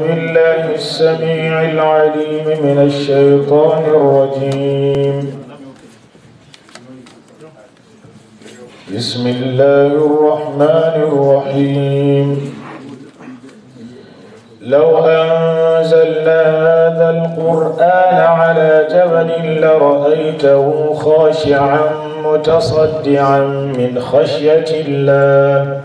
بالله السميع العليم من الشيطان الرجيم بسم الله الرحمن الرحيم لو أنزلنا هذا القرآن على جبل لرأيته خاشعا متصدعا من خشية الله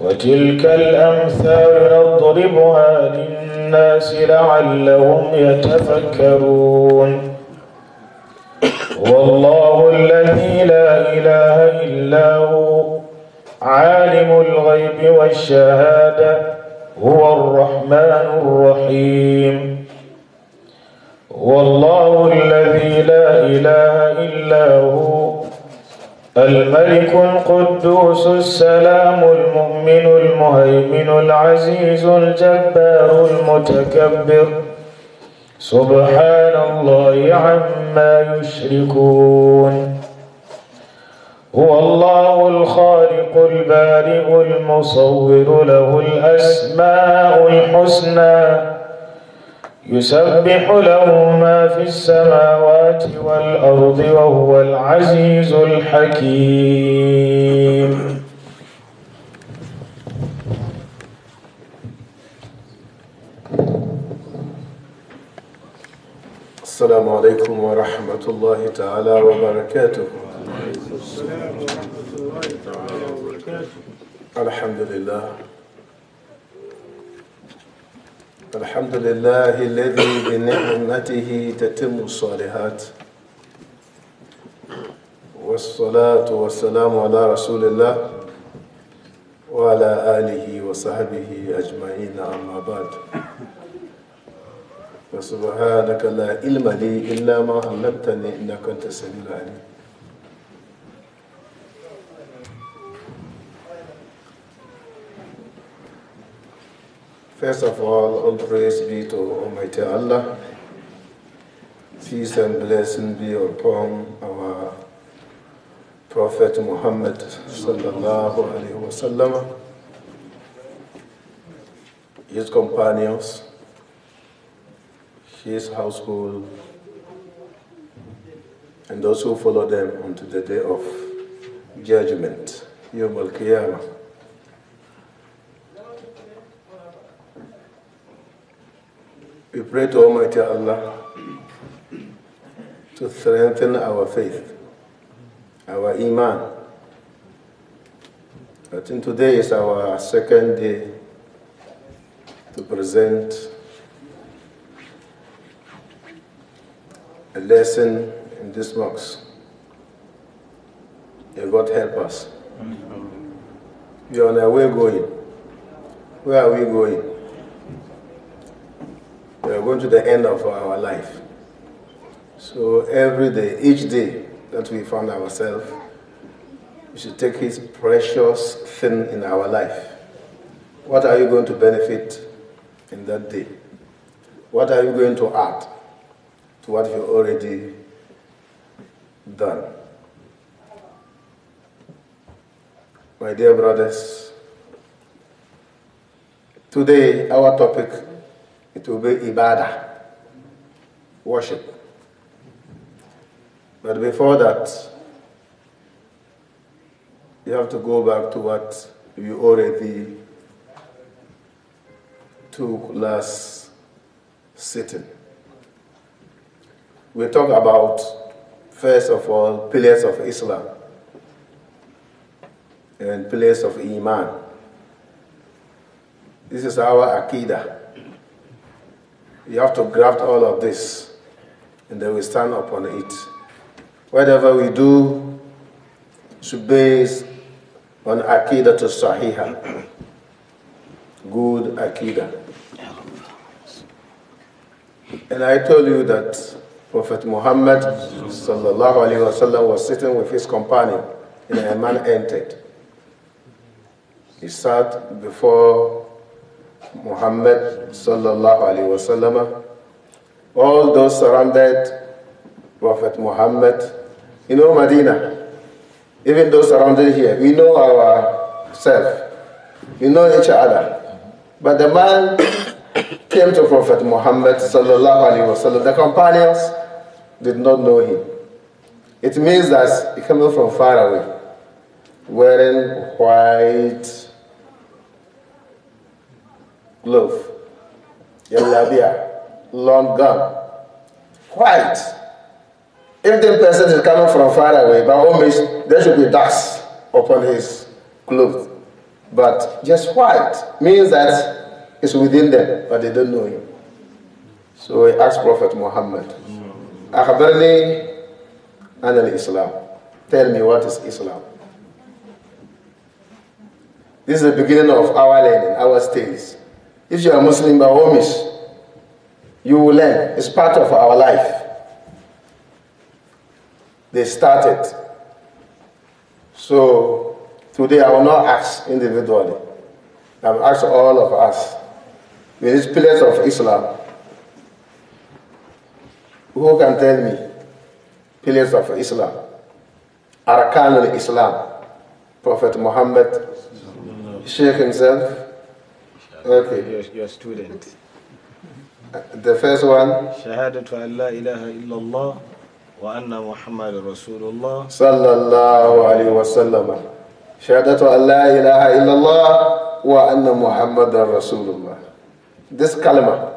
وتلك الأمثال نضربها للناس لعلهم يتفكرون والله الذي لا إله إلا هو عالم الغيب والشهادة هو الرحمن الرحيم والله الذي لا إله إلا هو الملك القدوس السلام المؤمن المهيمن العزيز الجبار المتكبر سبحان الله عما يشركون هو الله الخالق البارئ المصور له الأسماء الحسنى يسبح له ما في السماوات والأرض وهو العزيز الحكيم السلام عليكم ورحمة الله تعالى وبركاته الحمد لله الحمد لله الذي بنعمته تتم الصالحات والصلاة والسلام على رسول الله وعلى آله وصحبه أجمعين أما بعد فسبحانك لا علم لي إلا ما علمتني إنك أنت السميع العليم First of all, all praise be to Almighty Allah. Peace and blessing be upon our Prophet Muhammad sallallahu alaihi wasallam, his companions, his household, and those who follow them unto the day of judgment, Yom al-Qiyamah. We pray to Almighty Allah to strengthen our faith, our Iman. I think today is our second day to present a lesson in this box. May God help us. We are on our way going. Where are we going? going to the end of our life. So every day, each day that we found ourselves, we should take His precious thing in our life. What are you going to benefit in that day? What are you going to add to what you've already done? My dear brothers, today our topic it will be ibadah, worship. But before that, you have to go back to what you already took last sitting. We talk about, first of all, pillars of Islam and pillars of Iman. This is our Aqidah. You have to graft all of this, and then we stand upon it. Whatever we do should base on akida to sahiha, good akida. And I told you that Prophet Muhammad sallallahu alaihi wasallam was sitting with his companion, and a man entered. He sat before Muhammad sallallahu alaihi wasallam, all those surrounded Prophet Muhammad, you know Medina, even those surrounded here, we know ourselves, we know each other. But the man came to Prophet Muhammad sallallahu alaihi wasallam. The companions did not know him. It means that he came from far away, wearing white love, Yelabia, long gone. White. If the person is coming from far away, by all means, there should be dust upon his clothes. But just white means that it's within them, but they don't know him. So he asked Prophet Muhammad, Akhbarni an al-Islam. Tell me what is Islam. This is the beginning of our learning, our studies. If you are Muslim, by all you will learn. It's part of our life. They started. So today I will not ask individually. I will ask all of us. With these pillars of Islam, who can tell me pillars of Islam? Arkan al-Islam, Prophet Muhammad, Sheikh himself, Okay. Your, your student. Uh, the first one. Shahadatu an la ilaha illallah wa anna Muhammad Rasulullah. Sallallahu alaihi wa sallam. Shahadatu an ilaha illallah wa anna Muhammad Rasulullah. This kalima.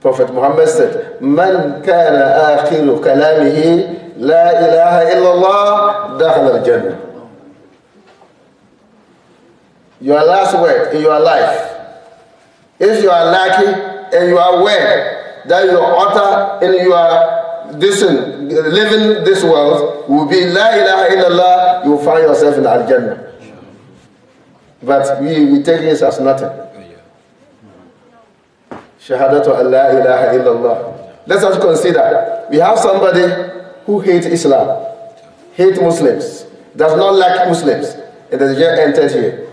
Prophet Muhammad said, Man kana akhiru kalamihi la ilaha illallah dakhla al-jannah. Your last word in your life. If you are lucky and you are aware that your utter and you are uh, living this world will be La ilaha illallah, you will find yourself in Al Jannah. But we, we take this as nothing. Shahadatu Allah ilaha illallah. Let us consider we have somebody who hates Islam, hates Muslims, does not like Muslims, and has just entered here.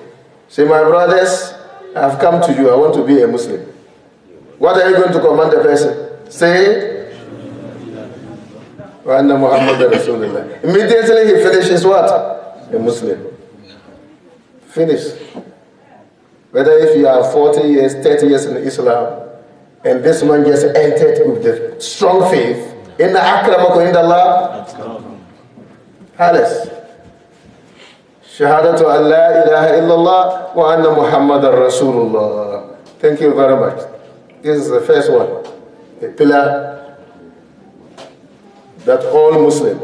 Say, my brothers, I've come to you, I want to be a Muslim. What are you going to command the person? Say, Muhammad Rasulullah. Immediately he finishes what? A Muslim. Finish. Whether if you are 40 years, 30 years in Islam, and this man just entered with the strong faith, in the akramakum indallah, halas. أن لا إله إلا الله وأن محمد رسول الله Thank you very much. This is the first one, the pillar that all Muslims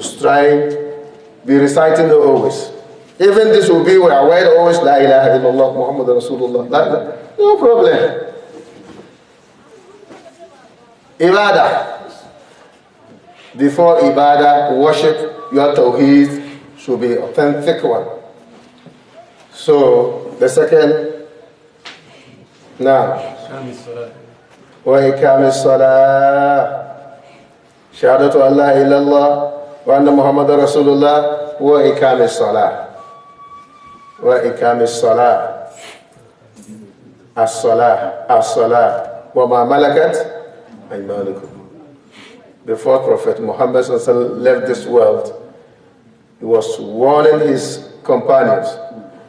strive be reciting always. Even this will be, where I wear always, La ilaha illallah, Muhammad Rasulullah. no problem. Ibadah. Before Ibadah, worship your Tawheed, should be authentic one. So the second now وإقام الصلاة شهادة أن لا إله إلا الله وأن محمد رسول الله وإقام الصلاة وإقام الصلاة الصلاة الصلاة وما ملكت أيمانكم Before Prophet Muhammad left this world, he was warning his companions,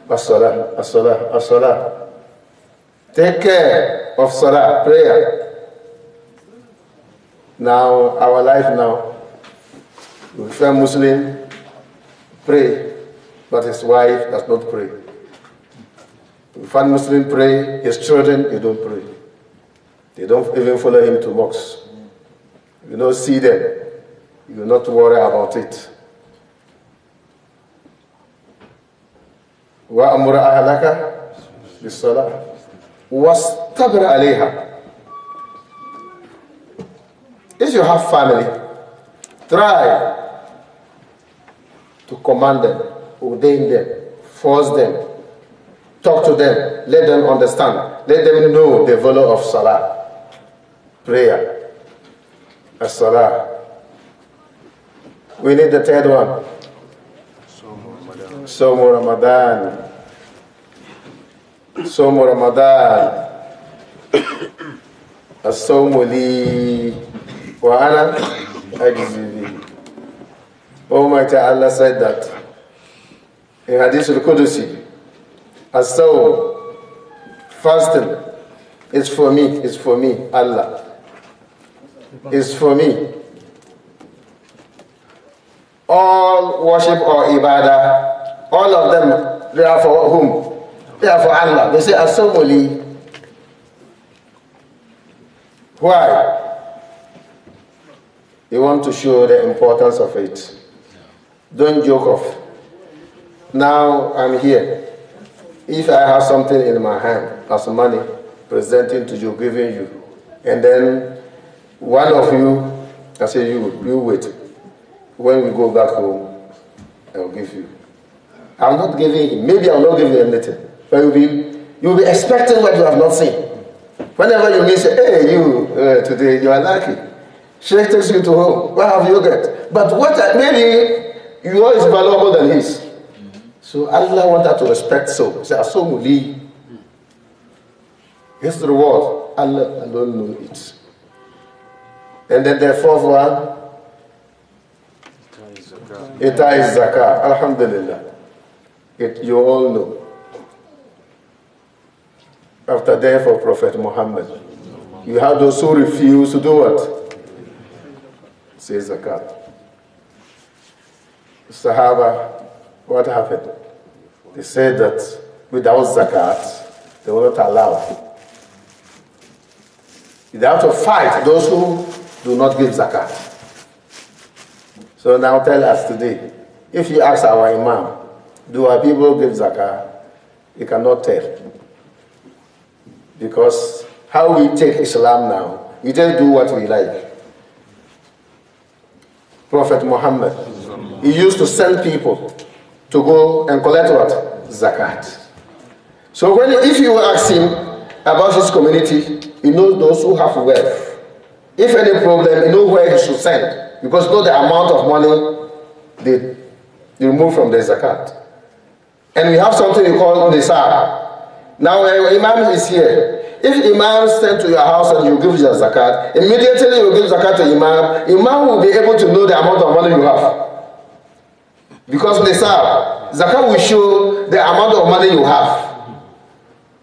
As-salah, as-salah, as-salah. Take care of salah, prayer. Now, our life now, if a Muslim, pray, but his wife does not pray. If a Muslim pray, his children, they don't pray. They don't even follow him to mosques. You don't see them. You do not worry about it. وأمر أهلك بالصلاة واصطبر عليها If you have family, try to command them, ordain them, force them, talk to them, let them understand, let them know the value of salah, prayer, as salah. We need the third one. صوم رمضان صوم رمضان الصوم لي وأنا أجزي به Almighty Allah said that in Hadith al-Qudusi, as-sawm, fasting, it's for me, it's for me, Allah. It's for me. All worship or ibadah all of them, they are for whom? They are for Allah. They say, Asawmuli. Why? You want to show the importance of it. Don't joke off. Now I'm here. If I have something in my hand as money, presenting to you, giving you, and then one of you, I say you, you wait. When we go back home, I'll give you. I'm not giving. Maybe I'll not give you anything. But you'll be, you'll be expecting what you have not seen. Whenever you meet, say, hey, you, uh, today, you are lucky. Sheikh takes you to home. What have you got? But what, maybe yours is valuable than his. So Allah wanted to respect so. Ah, he said, Asomuli. His reward, Allah alone knows it. And then the fourth one, Ita is Zakah. Alhamdulillah it you all know. After death of Prophet Muhammad, you have those who refuse to do what? Say zakat. Sahaba, what happened? They said that without zakat, they were not allowed. They have to fight those who do not give zakat. So now tell us today, if you ask our imam, do our people give zakah? You cannot tell. Because how we take Islam now, we just do what we like. Prophet Muhammad, he used to send people to go and collect what? Zakat. So when, if you ask him about his community, he knows those who have wealth. If any problem, he knows where he should send. Because know the amount of money they remove from the zakat. And we have something we call nisab. Now, when Imam is here, if Imam sent to your house and you give your zakat, immediately you give zakat to Imam, Imam will be able to know the amount of money you have. Because nisab, zakat will show the amount of money you have.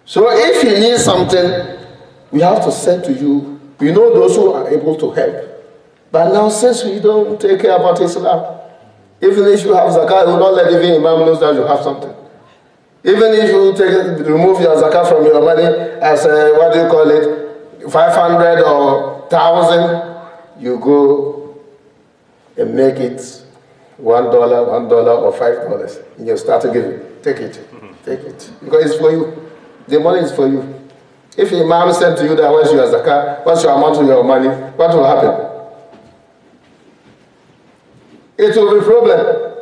So if you need something, we have to send to you. We know those who are able to help. But now, since we don't take care about Islam, Even if you have zakah, you will not let even imam knows that you have something. Even if you take remove your zakah from your money as a, uh, what do you call it, 500 or 1000, you go and make it one dollar, one dollar, or five dollars. And you start to give it. Take it. Mm-hmm. Take it. Because it's for you. The money is for you. If Imam said to you that where's your zakah, what's your amount of your money, what will happen? it will be problem.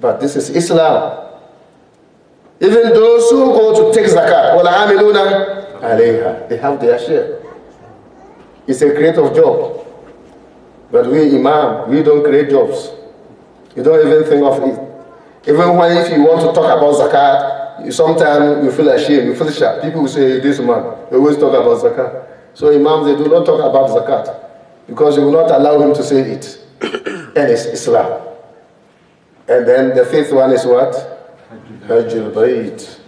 But this is Islam. Even those who go to take zakat, وَالْعَامِلُونَ عَلَيْهَا They have their share. It's a create of job. But we imam, we don't create jobs. You don't even think of it. Even when if you want to talk about zakat, you, sometimes you feel ashamed, you feel shy. People will say, this man, they always talk about zakat. So imams, they do not talk about zakat because you will not allow him to say it and it's Islam. And then the fifth one is what? Hajjul Bayt.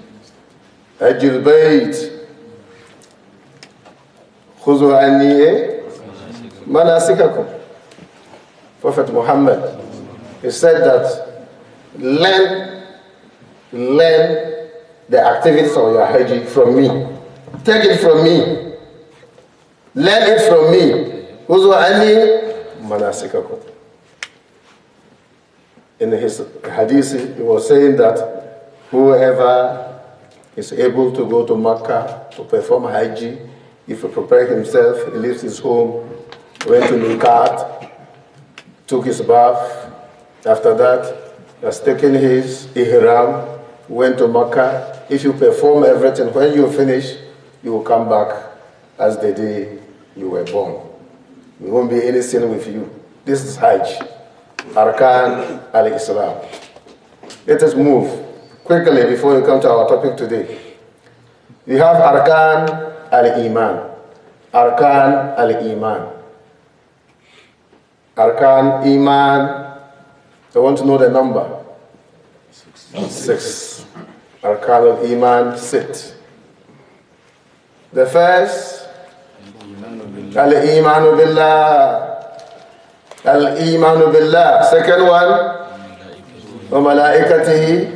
Hajjul Bayt. خذوا عني eh? manasikakum. Prophet Muhammad he said that learn learn the activities of your Hajj from me take it from me learn it from me خذوا عني manasikakum in his hadith, he was saying that whoever is able to go to Mecca to perform Hajj, if he prepared himself, he leaves his home, went to Makkah, took his bath. After that, has taken his ihram, went to Mecca. If you perform everything, when you finish, you will come back as the day you were born. There won't be any sin with you. This is Hajj. Arkan al Islam. Let us move quickly before we come to our topic today. We have Arkan al Iman. Arkan al Iman. Arkan Iman. I want to know the number. Six. Six. Arkan al Iman, sit. The first, Al Imanu Billah. الإيمان بالله. Second one. وملائكته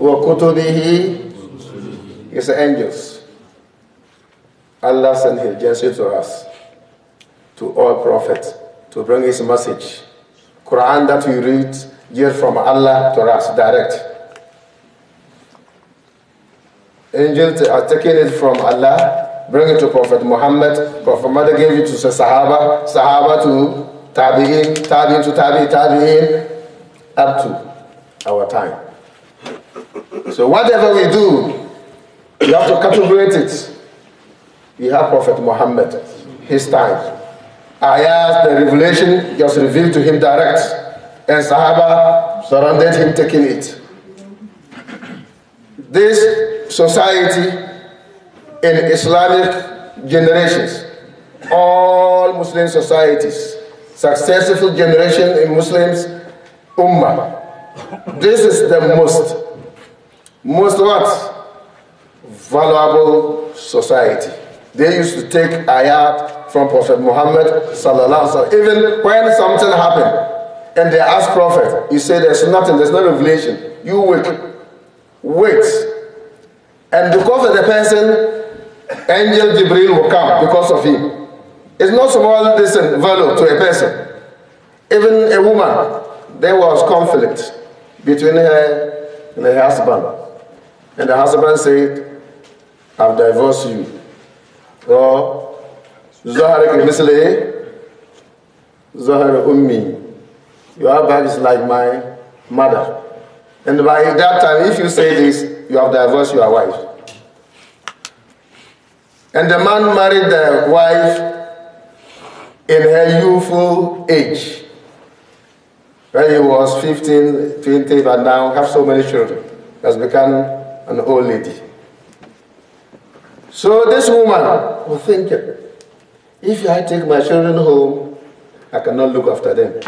وكتبه It's angels. Allah sent his gentle to us, to all prophets, to bring his message. Quran that we read, gives from Allah to us, direct. Angels are taking it from Allah bring it to Prophet Muhammad, Prophet Muhammad gave it to Sahaba, Sahaba to Tabi'in, Tabi'in to Tabi'in, Tabi'in, up to our time. So whatever we do, we have to categorize it. We have Prophet Muhammad, his time. Ayat, the revelation, just revealed to him direct. And Sahaba surrounded him taking it. This society in Islamic generations, all Muslim societies, successful generation in Muslims, Ummah. This is the most, most what? Valuable society. They used to take ayat from Prophet Muhammad sallallahu Even when something happened, and they asked prophet, you say there's nothing, there's no revelation. You wait. Wait. And because of the person Angel Jibril will come because of him. It's not small listen, uh, value to a person. Even a woman, there was conflict between her and her husband. And the husband said, I've divorced you. Or, Zaharik Misle, Zahar Ummi, your bag is like my mother. And by that time, if you say this, you have divorced your wife. And the man married the wife in her youthful age. When he was 15, 20, but now have so many children, has become an old lady. So this woman was thinking, if I take my children home, I cannot look after them.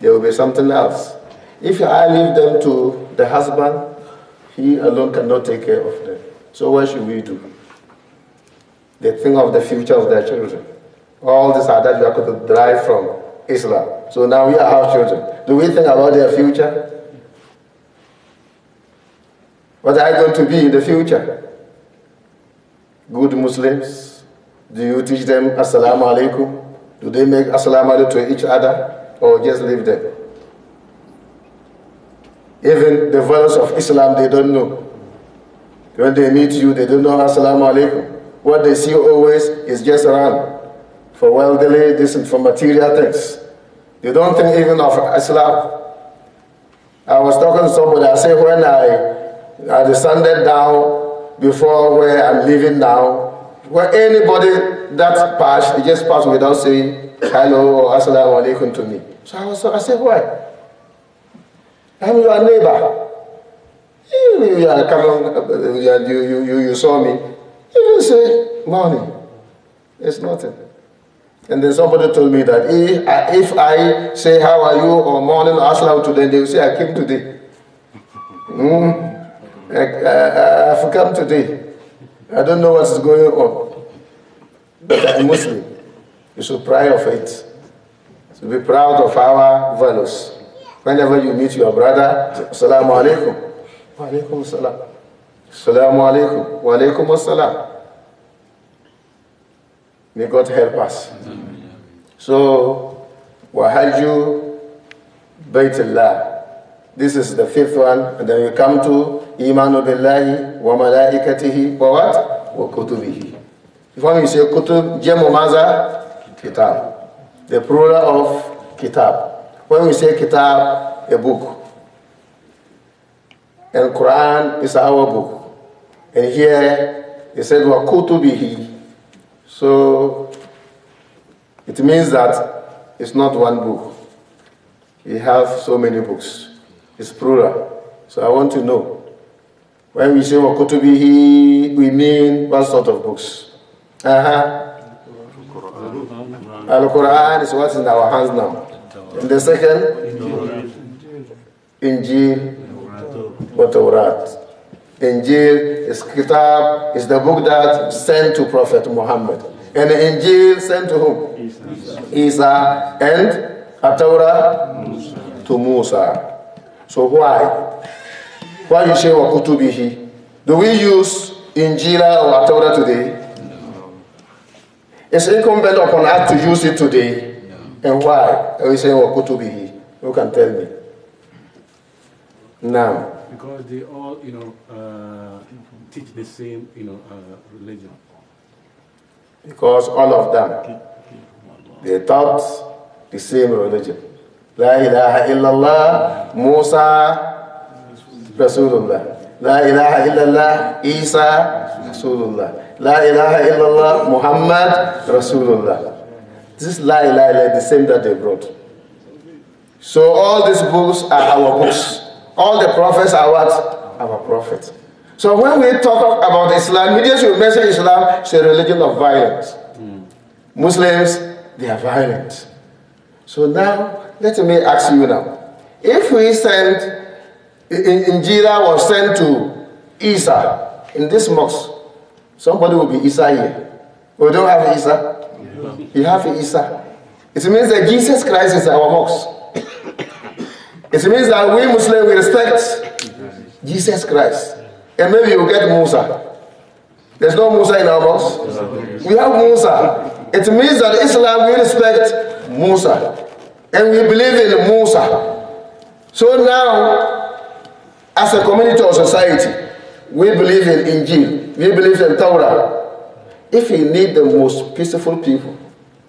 There will be something else. If I leave them to the husband, he alone cannot take care of them. So what should we do? They think of the future of their children. All this are that you are going to derive from Islam. So now we are our children. Do we think about their future? What are you going to be in the future? Good Muslims? Do you teach them Assalamu alaikum? Do they make Assalamu alaikum to each other? Or just leave them? Even the values of Islam, they don't know. When they meet you, they don't know Assalamu alaikum. What they see always is just around for worldly, this and for material things. They don't think even of Islam. I was talking to somebody, I said, when I, I descended down before where I'm living now, where anybody that passed, they just passed without saying hello or assalamu alaikum to me. So I, was, I said, why? I'm your neighbor. You, you, you, you, you saw me. Even say money, it's nothing. And then somebody told me that if I, say how are you or morning or aslam today, they will say I came today. Mm, I, I, I've come today. I don't know what is going on. But I'm Muslim. You should pray of it. So be proud of our values. Whenever you meet your brother, Assalamu alaikum. Wa alaikum Assalamu alaikum. Wa alaikum assalam. May God help us. So, Wahaju Baitullah. This is the fifth one. And then you come to Imanu Billahi wa Malaikatihi wa what? Wa Kutubihi. If one you say Kutub, Jemu Maza, Kitab. The plural of Kitab. When we say Kitab, a book. And Quran is our book. And here he said wakutubihi. So it means that it's not one book. He has so many books. It's plural. So I want to know. When we say wakutubihi, we mean what sort of books? Uh-huh. Al-Quran is what's in our hands now. In the second, Injil, Injil. Injil. Injil. Injil. Injil. Injil is Kitab, is the book that sent to Prophet Muhammad. And Injil sent to whom? Isa. Isa and Atawra to Musa. So why? Why you say Wakutubihi? Do we use Injila or Atawra today? No. It's incumbent upon us to use it today. No. And why are we saying Wakutubihi? You can tell me. Now, because they all, you know, uh, teach the same, you know, uh, religion. Because all of them, they taught the same religion. La ilaha illallah, Musa, Rasulullah. La ilaha illallah, Isa, Rasulullah. La ilaha illallah, Muhammad, Rasulullah. This la ilaha illallah, the same that they brought. So all these books are our books. All the prophets are what? Our prophets. So when we talk about Islam, media should mention Islam is a religion of violence. Mm. Muslims, they are violent. So now, let me ask you now. If we send, Injira was sent to Isa in this mosque, somebody will be Isa here. We don't have Isa. You have Isa. It means that Jesus Christ is our mosque. It means that we Muslims we respect Jesus Christ. And maybe you get Musa. There's no Musa in our mosque. We have Musa. It means that Islam we respect Musa. And we believe in Musa. So now, as a community or society, we believe in Injil. We believe in Torah. If you need the most peaceful people,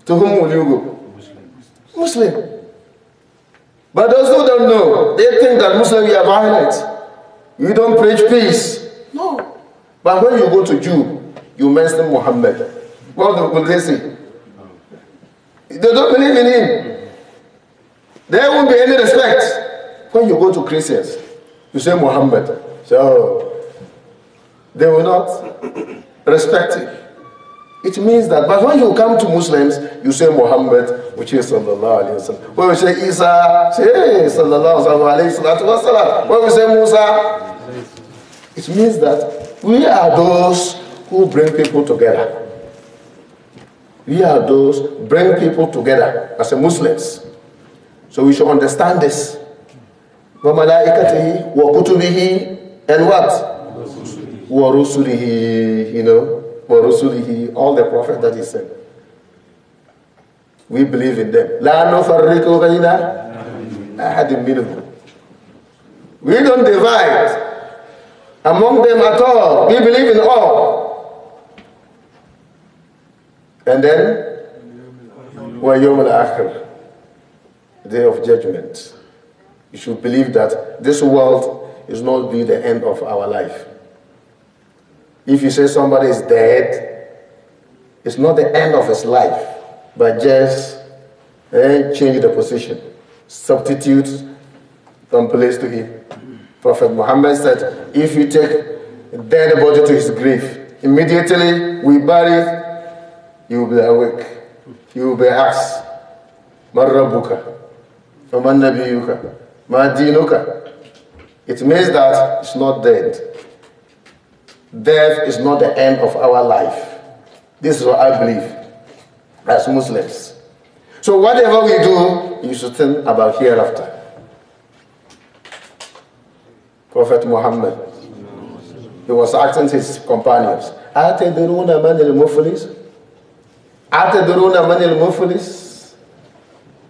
to whom will you go? Muslim. Muslim. But those who don't know, they think that Muslims are violent. You don't preach peace. No. But when you go to Jew, you mention Muhammad. What will they say? They don't believe in him. There won't be any respect. When you go to Christians, you say Muhammad. So they will not respect him. It means that. But when you come to Muslims, you say Muhammad, which is Sallallahu Alaihi Wasallam. When we say Isa, say Sallallahu Alaihi Wasallam. When we say Musa, it means that we are those who bring people together. We are those bring people together as Muslims. So we should understand this. وَمَلَائِكَتِهِ وَكُتُبِهِ and what? وَرُسُلِهِ You know, all the prophet that he sent. We believe in them. لَا نُفَرِّقُ بَيْنَ أَحَدٍ مِّنْهُمْ We don't divide among them at all. We believe in all. And then, وَيَوْمُ الْآخِرِ Day of judgment. You should believe that this world is not be the end of our life. If you say somebody is dead, it's not the end of his life, but just eh, change the position, substitute from place to him. Prophet Muhammad said, if you take dead body to his grave, immediately we bury you will be awake. You will be asked, Man Rabbuka? Nabiyuka? Dinuka? It means that it's not dead death is not the end of our life. This is what I believe as Muslims. So, whatever we do, you should think about hereafter. Prophet Muhammad, he was asking his companions, أَتَدْرُونَ the الْمُفْلِسِ of the الْمُفْلِسِ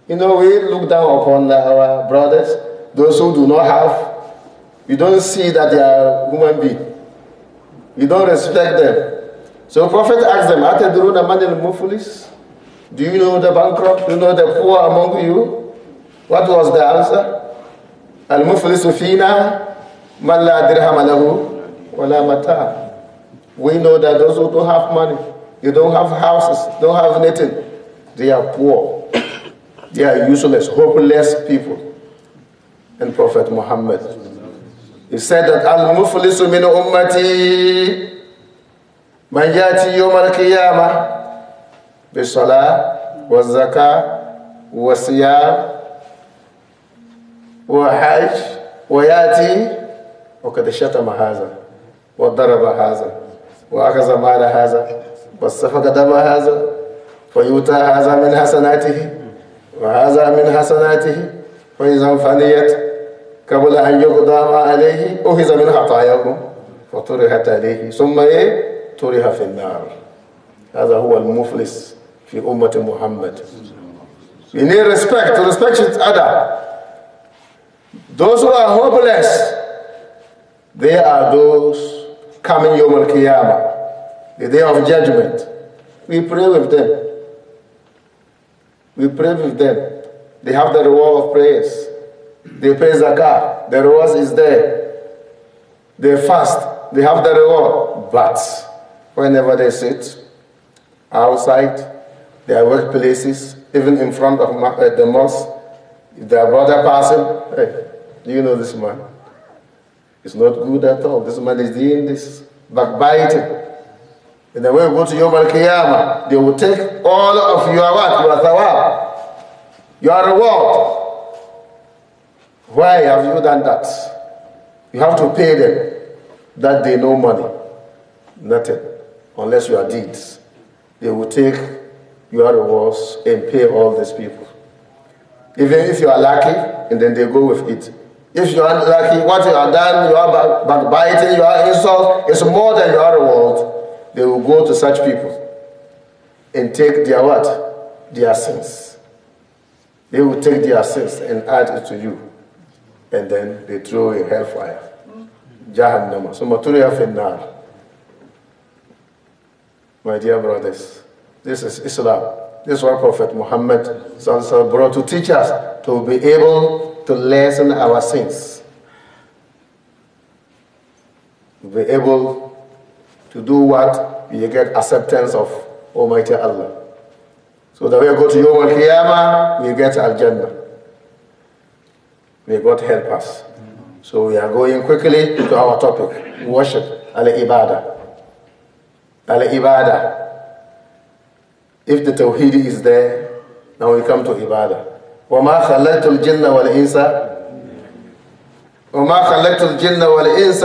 You know, we look down upon our brothers, those who do not have. We don't see that they are human beings. You don't respect them. So Prophet asked them, Ataduruna manil mufulis? Do you know the bankrupt? Do you know the poor among you? What was the answer? Al muflisu man la wala mata. We know that those who don't have money, you don't have houses, don't have anything, they are poor. They are useless, hopeless people. And Prophet Muhammad He said that Al Muflisu min ummati man yati yawm al qiyamah bi salah wa zakah wa siyam wa hajj wa yati wa qad shatama hadha wa daraba hadha wa akhadha mala hadha wa safaqa dama hadha fa yuta hadha min hasanatihi وهذا من حسناته فإذا فنيت قبل أن يقدم عليه أخذ من خطاياكم فطرحت عليه ثم طرح في النار هذا هو المفلس في أمة محمد We need respect to respect each other. Those who are hopeless, they are those coming Yom Al the day of judgment. We pray with them. We pray with them. They have the reward of prayers. They pay zakah. The reward is there. They fast. They have the reward. But whenever they sit, outside, their workplaces, even in front of uh, the mosque, if their brother passes, hey, do you know this man? It's not good at all. This man is doing this backbiting. And then when you go to Yom Al Qiyamah, they will take all of your what? Your thawab, your reward. Why have you done that? You have to pay them that they know money, nothing, unless you are deeds. They will take your rewards and pay all these people. Even if you are lucky, and then they go with it. If you are lucky, what you have done, you are backbiting, you are insult, it's more than your reward. They will go to such people and take their what? Their sins. They will take their sins and add it to you and then they throw in hellfire. Jahannam. So Maturiya Finnar. My dear brothers, this is Islam. This is what Prophet Muhammad brought to teach us to be able to lessen our sins. Be able to do what we get acceptance of Almighty Allah. So that we go to Yom Al-Qiyamah, we get Al-Jannah. May God help us. So we are going quickly to our topic worship, al ibadah. Al ibadah. If the tawhid is there, now we come to ibadah. وما خلقت الجن والإنس وما خلقت الجن والإنس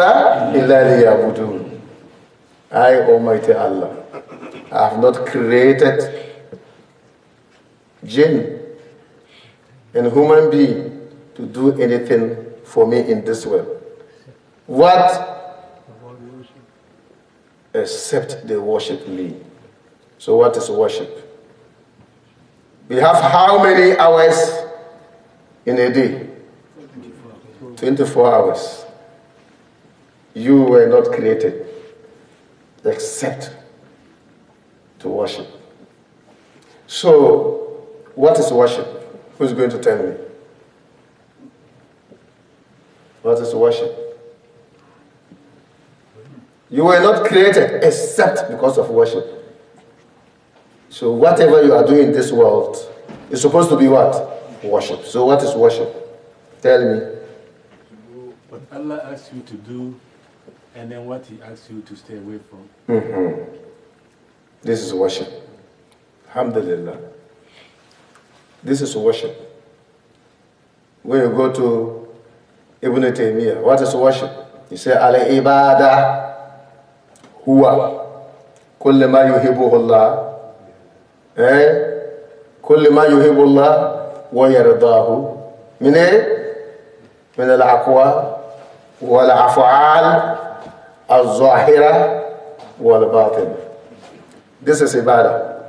إلا ليعبدون I, Almighty Allah, have not created jinn and human being to do anything for me in this world. What? Except they worship me. So, what is worship? We have how many hours in a day? 24, 24 hours. You were not created except to worship. So, what is worship? Who's going to tell me? What is worship? You were not created except because of worship. So whatever you are doing in this world is supposed to be what? Worship. So what is worship? Tell me. What Allah asks you to do and then what He asks you to stay away from. Mm -hmm. This is worship. Alhamdulillah. This is worship. When you go to Ibn Taymiyyah. What is worship? He said, Al ibadah huwa kullu ma yuhibbuhu Allah. Eh? Kullu ma yuhibbu Allah wa yardahu. Min من al والأفعال wal-batin. This is ibadah.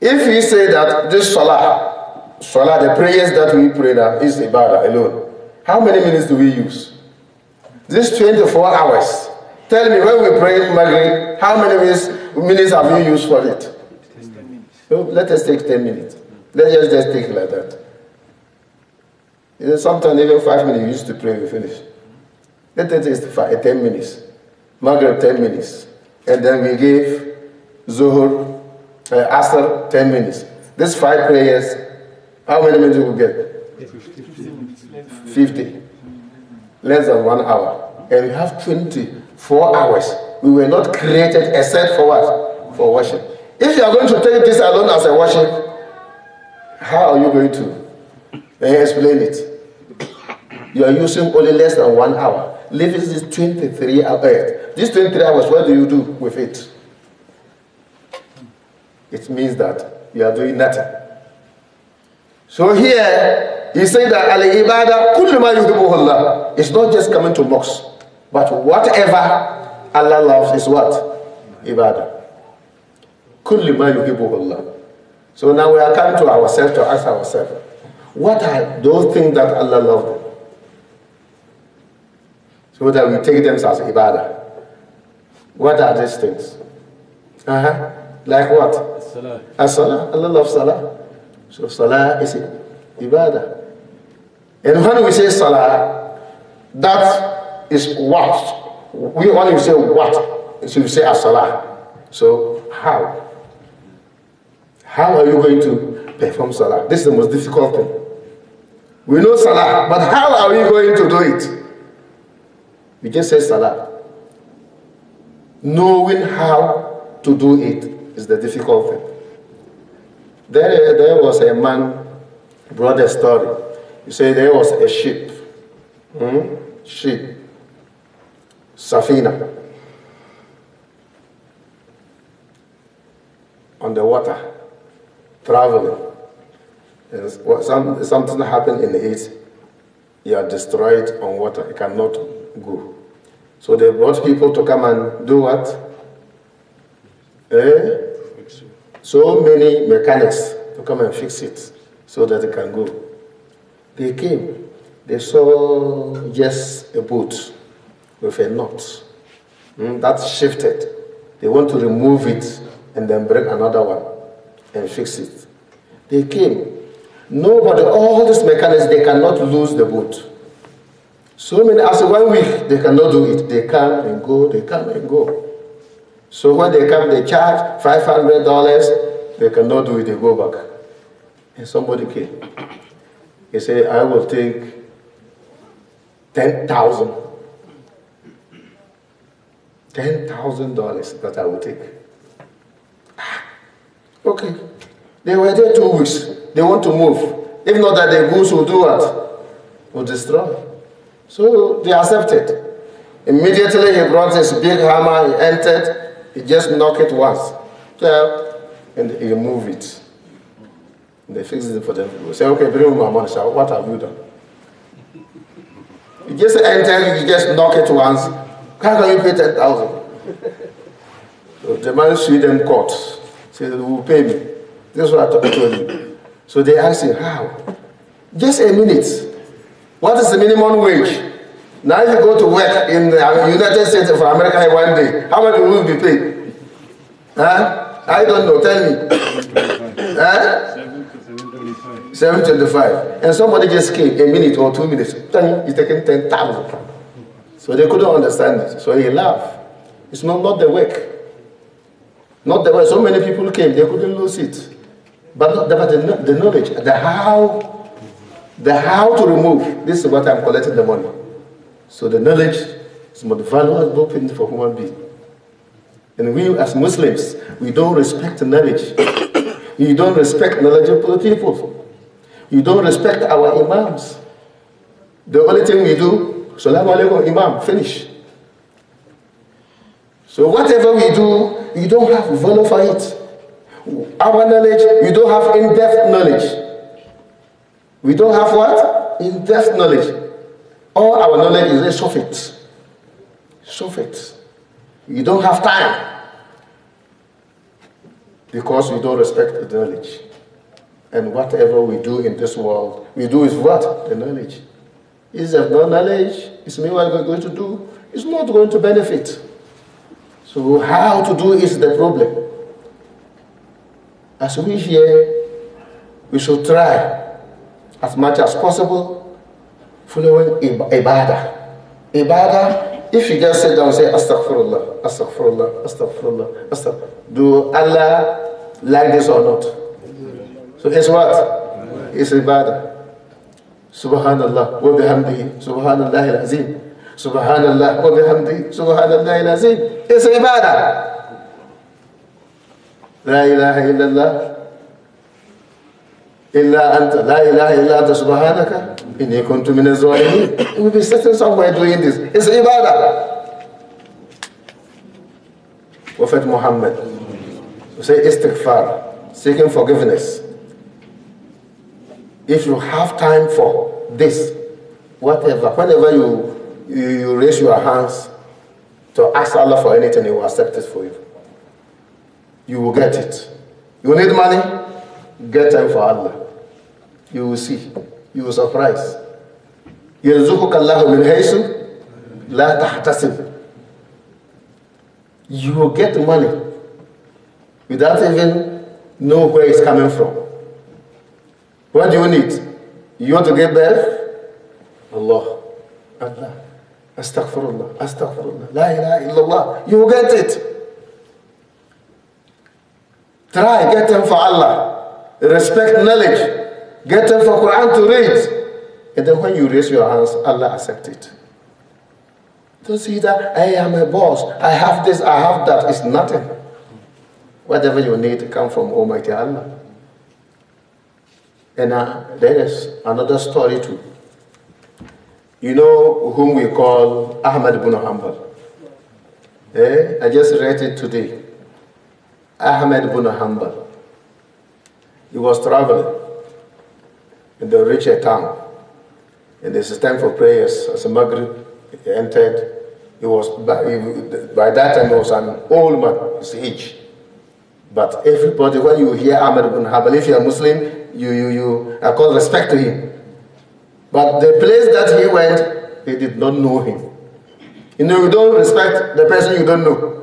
If we say that this salah, salah, the prayers that we pray now is ibadah alone. How many minutes do we use? This 24 hours. Tell me, when we pray Maghrib, how many minutes, minutes have you used for it? minutes. let us take 10 minutes. Let's just, take it like that. You know, sometimes even 5 minutes you used to pray, we finish. Let us take five, eh, 10 minutes. Maghrib, 10 minutes. And then we give Zuhur, uh, Asr, 10 minutes. These five prayers, how many minutes we get? 15. 50, less than one hour. And we have 24 hours. We were not created except for what? For worship. If you are going to take this alone as a worship, how are you going to? explain it. You are using only less than one hour. Leaving this 23 hours. Eh, These 23 hours, what do you do with it? It means that you are doing nothing. So here, he said that al ibadah kullu ma Allah. It's not just coming to box, but whatever Allah loves is what ibadah. Kullu ma Allah. So now we are coming to ourselves to ask ourselves, what are those things that Allah loves? So that we take them as ibadah. What are these things? Uh huh. Like what? As salah. As salah. Allah loves salah. So salah is ibadah. And when we say salah, that is what. We only say what, so we say as-salah. So how? How are you going to perform salah? This is the most difficult thing. We know salah, but how are we going to do it? We just say salah. Knowing how to do it is the difficult thing. There, there was a man, brother story. You say there was a ship. Hmm? Ship. Safina. On the water. Traveling. And some, something happened in it. You are destroyed on water. You cannot go. So they brought people to come and do what? Eh? So many mechanics to come and fix it so that it can go. They came, they saw just a boat with a knot mm, that shifted. They want to remove it and then break another one and fix it. They came. Nobody, all these mechanics, they cannot lose the boat. So many, after one week, they cannot do it. They come and go, they come and go. So when they come, they charge $500, they cannot do it, they go back. And somebody came. He said, I will take 10,000. $10,000 that I will take. Ah, okay. They were there two weeks. They want to move. If not that the goose will do what? Will destroy. So they accepted. Immediately he brought his big hammer, he entered, he just knocked it once. So, and he moved it. They fix it for them to Say, okay, bring me my money. what have you done? You just enter, you just knock it once. How can you pay 10,000? so the man sued them court. Said, who will pay me? This is what I told you. So they asked him, how? Just a minute. What is the minimum wage? Now if you go to work in the United States of America one day, how much will you be paid? Huh? I don't know. Tell me. huh? 725. And somebody just came a minute or two minutes. he's taking 10,000. So they couldn't understand it. So he laughed. It's not, not the work. Not the work. So many people came, they couldn't lose it. But, not, but the, the knowledge, the how, the how to remove. This is what I'm collecting the money. So the knowledge is more valuable thing for human being. And we as Muslims, we don't respect knowledge. we don't respect knowledgeable people. You don't respect our imams. The only thing we do, Salaam alaikum, imam, finish. So whatever we do, you don't have value for it. Our knowledge, you don't have in-depth knowledge. We don't have what? In-depth knowledge. All our knowledge is a surface. Surface. You don't have time because you don't respect the knowledge. And whatever we do in this world, we do with what? The knowledge. Is there no knowledge? Is me what we're going to do? It's not going to benefit. So how to do is the problem. As we hear, we should try as much as possible following ibadah. Ibadah, if you just sit down and say, Astaghfirullah, Astaghfirullah, Astaghfirullah, Astaghfirullah, do Allah like this or not? So it's what? It's ibadah. Subhanallah wa bihamdihi. Subhanallah al-azim. Subhanallah wa bihamdihi. Subhanallah al-azim. It's ibadah. لا إله إلا الله إلا أنت لا إله إلا أنت سبحانك إني كنت من الظالمين we'll be sitting somewhere doing this it's ibadah Prophet Muhammad we say istighfar seeking forgiveness if you have time for this, whatever, whenever you, you, you raise your hands to ask Allah for anything, He will accept it for you. You will get it. You need money? Get time for Allah. You will see. You will surprise. يرزقك الله من حيث لا تحتسب. You will get money without even know where it's coming from. What do you need? You want to get birth? Allah. Allah. Astaghfirullah. Astaghfirullah. La ilaha illallah. You will get it. Try, get them for Allah. Respect knowledge. Get them for Quran to read. And then when you raise your hands, Allah accept it. Don't see that I am a boss. I have this, I have that. It's nothing. Whatever you need come from Almighty Allah. And uh, there is another story too. You know whom we call Ahmad ibn Hanbal. Eh? I just read it today. Ahmad ibn Hanbal. He was traveling and they reached a town. And this is time for prayers. As a Maghrib he entered, he was by, he, by that time he was an old man, his age. But everybody, when you hear Ahmad ibn Hanbal, if you're a Muslim, you, you, you accord respect to him. But the place that he went, they did not know him. You know, you don't respect the person you don't know.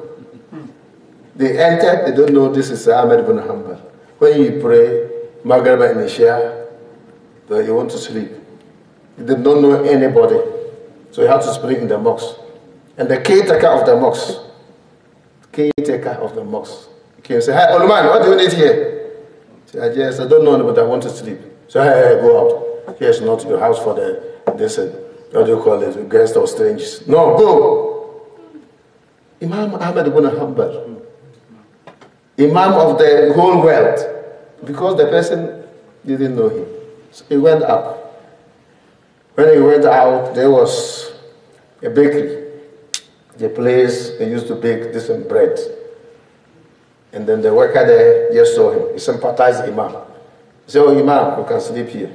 They entered, they don't know this is Ahmed ibn Hanbal. When you pray, Maghrib and Isha, that you want to sleep. he did not know anybody. So you have to speak in the mosque. And the caretaker of the mosque, caretaker of the mosque, came and said, Hi, old man, what do you need here? said, yes, I don't know, but I want to sleep. So hey, hey, go out. Here's not your house for the, this, uh, what do you call it, guest or strangers. No, go. Imam Ahmed ibn Hanbal, Imam of the whole world, because the person didn't know him. So he went up. When he went out, there was a bakery, the place they used to bake this bread. And then the worker there just saw him. He sympathized Imam. He said, Oh, Imam, you can sleep here.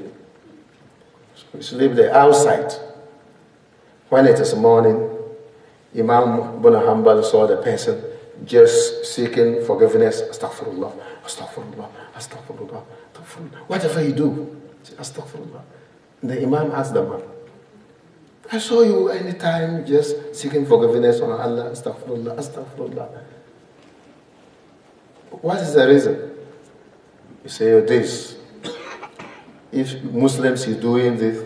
So sleep there outside. When it is morning, Imam Bunahambal saw the person just seeking forgiveness. Astaghfirullah, astaghfirullah, astaghfirullah, astaghfirullah. Whatever you do, say astaghfirullah. the Imam asked the man, I saw you anytime just seeking forgiveness on Allah, astaghfirullah, astaghfirullah. What is the reason? You say, this. If Muslims is doing this,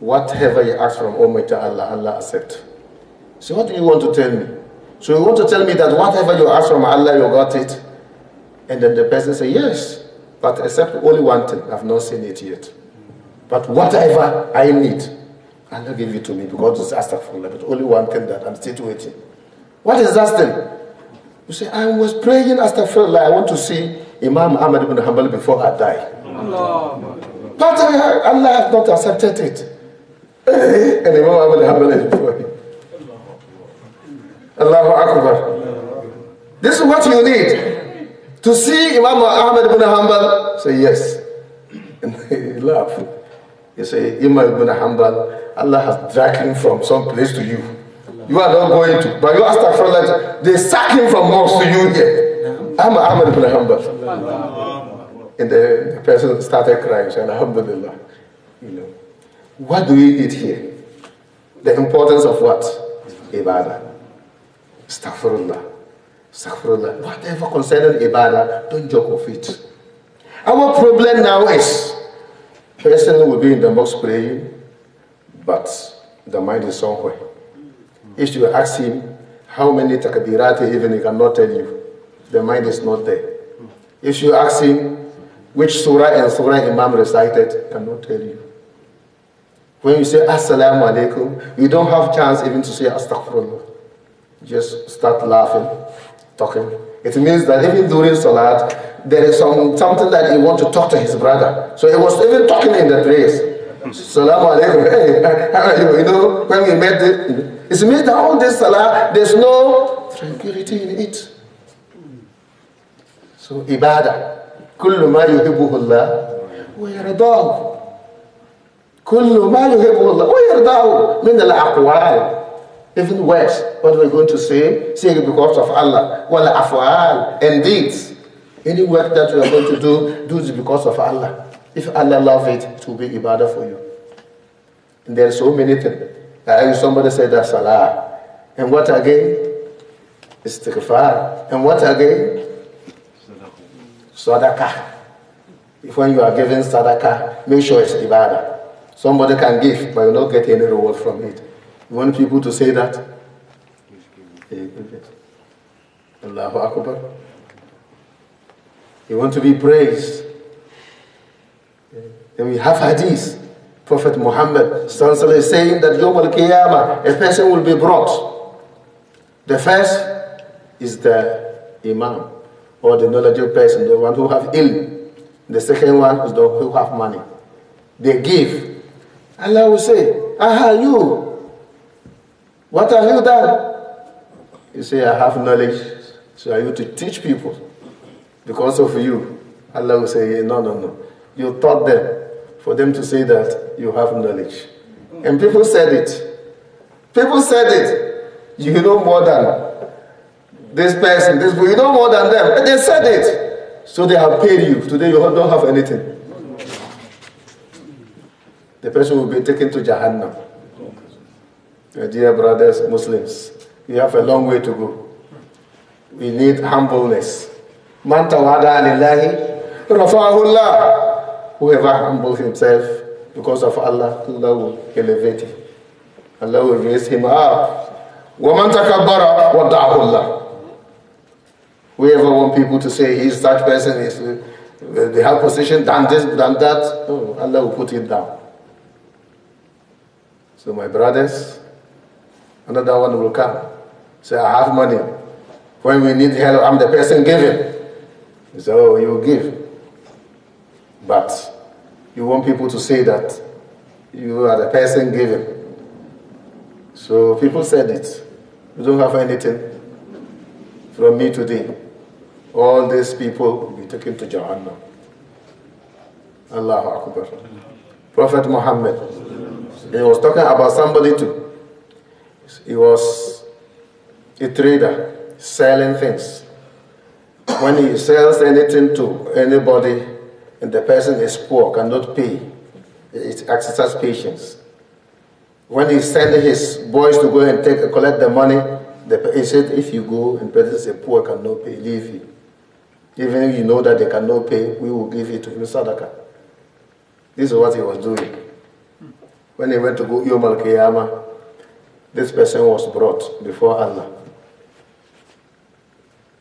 whatever you ask from Almighty Allah, Allah accept. So what do you want to tell me? So you want to tell me that whatever you ask from Allah, you got it? And then the person say, yes, but except only one thing. I've not seen it yet. But whatever I need, Allah give it to me because it's asked for Allah, but only one thing that I'm still waiting. What is that thing? You say, I was praying astaghfirullah. I want to see Imam Ahmad ibn Hanbal before I die. Allah. But Allah has not accepted it. and Imam Ahmad ibn Hanbal is before him. Allahu Akbar. This is what you need. To see Imam Ahmad ibn Hanbal, say yes. And he laugh. He say, Imam ibn Hanbal, Allah has dragged him from some place to you. You are not going to. But you ask the for They sack him from mosque to you here. I'm Ahmad ibn Hanbal. And the, the person started crying. Said, Alhamdulillah. You know. What do we eat here? The importance of what? Ibadah. Astaghfirullah. Astaghfirullah. Whatever concerning Ibadah, don't joke of it. Our problem now is person will be in the mosque praying, but the mind is somewhere. If you ask him how many takbirat even, he cannot tell you. The mind is not there. If you ask him which surah and surah Imam recited, cannot tell you. When you say Assalamu alaikum, you don't have chance even to say Astaghfirullah. Just start laughing, talking. It means that even during Salat, there is some, something that he want to talk to his brother. So he was even talking in the place. Salaam alaikum. Hey, how are you? You know, when we met, it, it's means that all this salah, there's no tranquility in it. So, ibadah. كل ما يحبه الله ويرضاه كل ما يحبه الله Min من الأقوال even words what we're going to say say it because of Allah ولا أفعال and Indeed, any work that you are going to do do it because of Allah if Allah love it, it will be ibadah for you. And there are so many things. somebody said that salah. And what again? Istighfar. And what again? Sadaqah. If when you are giving sadaqah, make sure it's ibadah. Somebody can give, but you will not get any reward from it. You want people to say that? Allahu Akbar. You want to be praised. And we have hadith. Prophet Muhammad is saying that Yom al Qiyamah, a person will be brought. The first is the Imam or the knowledgeable person, the one who have ill. The second one is the one who have money. They give. Allah will say, Aha, you. What have you done? You say, I have knowledge, so I you to teach people. Because of you, Allah will say, No, no, no. You taught them for them to say that you have knowledge. And people said it. People said it. You know more than this person, this you know more than them. And they said it. So they have paid you. Today you don't have anything. The person will be taken to Jahannam. dear brothers, Muslims, we have a long way to go. We need humbleness. Mantawada tawada lillahi, Whoever humbles himself because of Allah, Allah will elevate him. Allah will raise him up. وَمَنْ تَكَبَّرَ وَدَعَهُ اللَّهُ Whoever want people to say he's that person, he's uh, the high position, done this, done that, oh, Allah will put him down. So my brothers, another one will come. Say, I have money. When we need help, I'm the person giving. So oh, you give. But you want people to say that you are the person giving. So people said it. You don't have anything from me today. All these people will be taken to Jahannam. Allahu Akbar. Prophet Muhammad, he was talking about somebody too. He was a trader selling things. When he sells anything to anybody, and the person is poor, cannot pay, it exercises patience. When he sent his boys to go and take, collect the money, the, he said, if you go and person is poor, cannot pay, leave you. Even if you know that they cannot pay, we will give it to him, Sadaka. This is what he was doing. When he went to go Yom al this person was brought before Allah.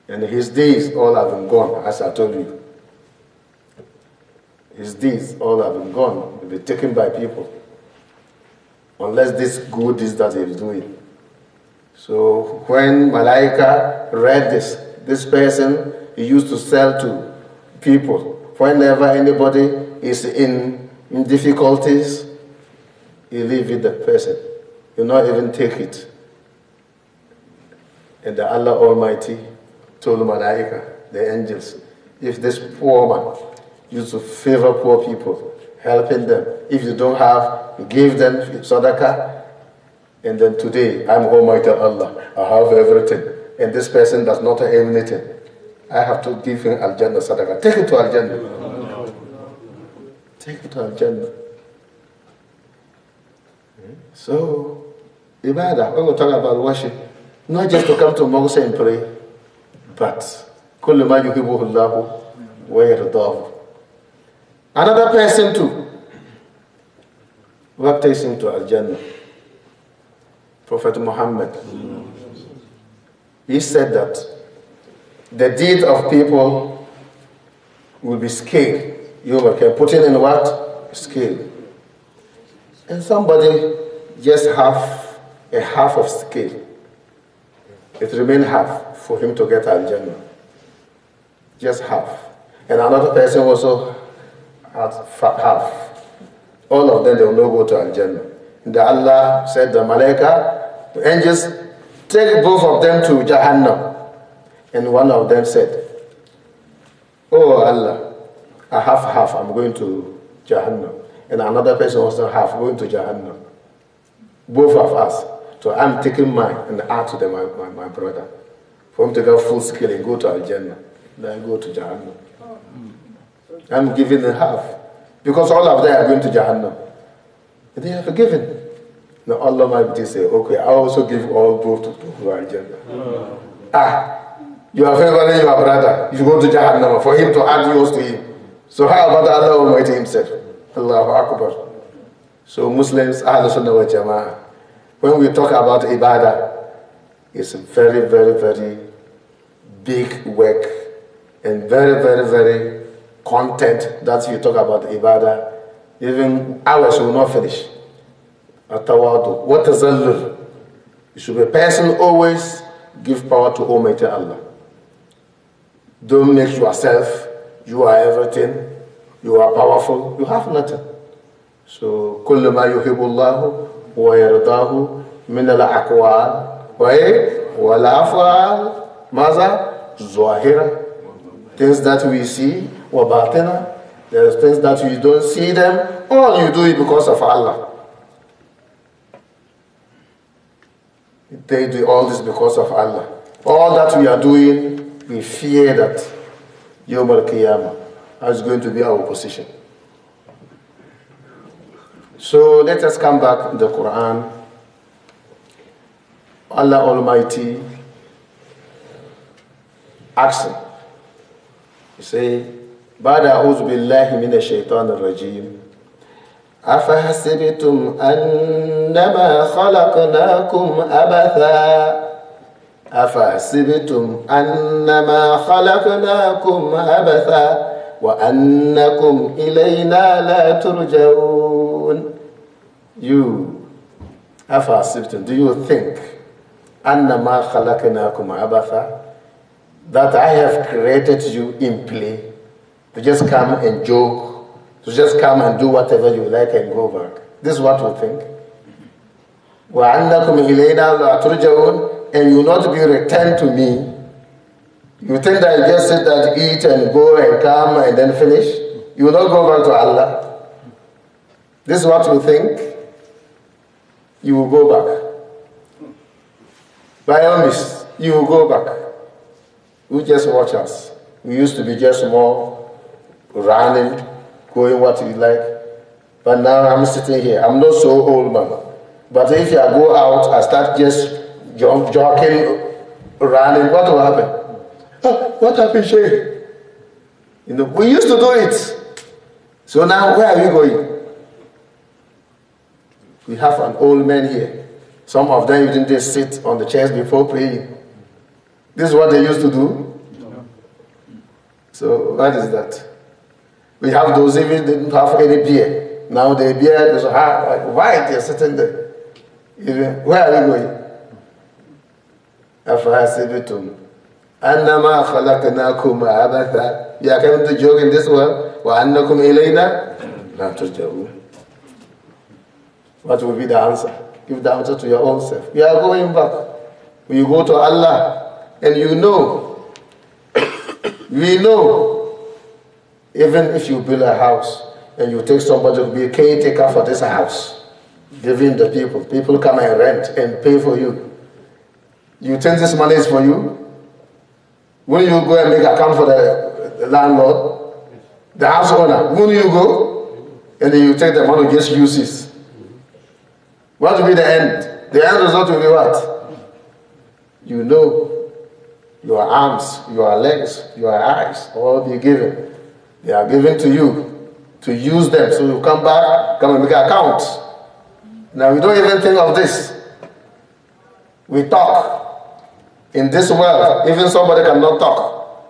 And his days all have been gone, as I told you his deeds all have been gone, will be taken by people. Unless this good is that he is doing. So when Malaika read this, this person he used to sell to people. Whenever anybody is in, in difficulties, he leave with the person. You not even take it. And the Allah Almighty told Malaika, the angels, if this poor man you to favor poor people, helping them. If you don't have, give them sadaqah. And then today, I'm Almighty Allah. I have everything. And this person does not have anything. I have to give him Al Jannah sadaqah. Take it to Al Jannah. Take it to Al Jannah. So, ibadah, when we talk about worship, not just to come to mosque and pray, but كل ما يحبه الله ويرضاه Another person too. Work takes him to Al Jannah. Prophet Muhammad. He said that the deeds of people will be scaled. You can put it in what? Scale. And somebody just half a half of scale. It remained half for him to get Al Jannah. Just half. And another person also at All of them, they will not go to Al-Jannah. The Allah said, the Malaika, the angels, take both of them to Jahannam. And one of them said, Oh Allah, I have half, I'm going to Jahannam. And another person also half, going to Jahannam. Both of us. So I'm taking mine and add to them, my, my, my brother. For him to get full skill and go to Al-Jannah. Then go to Jahannam. I'm giving the half. Because all of them are going to Jahannam. They are forgiven. Now Allah might just say, okay, I also give all both to people who are Jannah. Uh. Ah, you are favoring your brother. You go to Jahannam for him to add yours to him. So how about Allah Almighty Himself? Allahu Akbar. So Muslims, Ahlul Sunnah wa Jama'ah, when we talk about ibadah, it's a very, very, very big work and very, very, very content that you talk about ibadah, even hours will not finish. Atawadu. What is zallul? You should be a person always give power to Almighty Allah. Don't make yourself, you are everything, you are powerful, you have nothing. So, كل ما يحب الله ويرضاه من الأقوال والأفعال ماذا؟ ظاهرة things that we see about batana. There is things that you don't see them. All you do it because of Allah. They do all this because of Allah. All that we are doing, we fear that Yom al Qiyamah is going to be our position. So let us come back to the Quran. Allah Almighty asks, He say, بعد أعوذ بالله من الشيطان الرجيم أفحسبتم أنما خلقناكم أبثا أفحسبتم أنما خلقناكم أبثا وأنكم إلينا لا ترجعون You أفحسبتم Do you think أنما خلقناكم أبثا That I have created you in play to just come and joke, to just come and do whatever you like and go back. This is what we think. وَأَنَّكُمْ إِلَيْنَا لَا تُرْجَعُونَ And you not be returned to me. You think that you just sit that eat and go and come and then finish? You will not go back to Allah. This is what you think. You will go back. By all means, you will go back. You just watch us. We used to be just more running, going what you like. But now I'm sitting here. I'm not so old, man. But if I go out, I start just jog- jogging, running, what will happen? Oh, what happened, Shay? You know, we used to do it. So now, where are we going? We have an old man here. Some of them even just sit on the chairs before praying. This is what they used to do. So what is that? We have those even didn't have any beer. Now the beer is hard. Ah, like, why they are sitting there? Even, where are we going? أفحسبتم أنما خلقناكم عبثا You are coming to joke in this world وأنكم إلينا to joke. What will be the answer? Give the answer to your own self. We are going back. We go to Allah and you know. we know even if you build a house and you take somebody to be a caretaker for this house, giving the people, people come and rent and pay for you. You think this money is for you? When you go and make account for the landlord, the house owner? when you go? And then you take the money, just uses. What will be the end? The end result will be what? You know your arms, your legs, your eyes, all be given. They are given to you to use them. So you come back, come and make an account. Now we don't even think of this. We talk. In this world, even somebody cannot talk.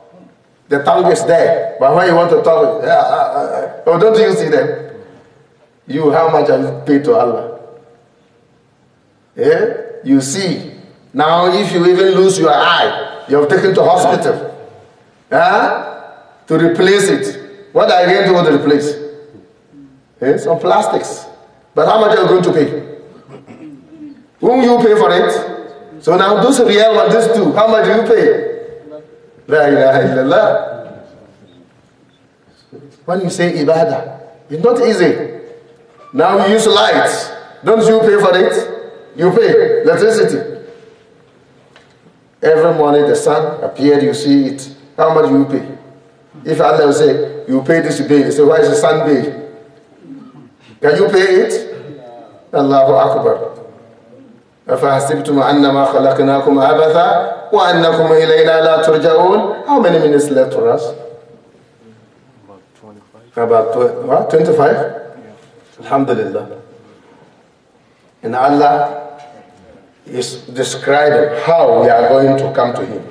The tongue is there. But when you want to talk, yeah, uh, uh, oh, don't you see them? You, how much have you paid to Allah? Yeah? You see. Now, if you even lose your eye, you have taken to hospital. Yeah? To replace it. What are you going to to replace? Eh? Some plastics. But how much are you going to pay? Won't you pay for it? So now those real one, these two, how much do you pay? La ilaha illallah. When you say ibadah, it's not easy. Now you use lights. Don't you pay for it? You pay electricity. Every morning the sun appeared, you see it. How much do you pay? If Allah will say, you pay this bill. He say, why is the sun bill? Can you pay it? Allahu Akbar. How many minutes left for us? About 25. About 25? Yeah. Alhamdulillah. And Allah is describing how we are going to come to Him.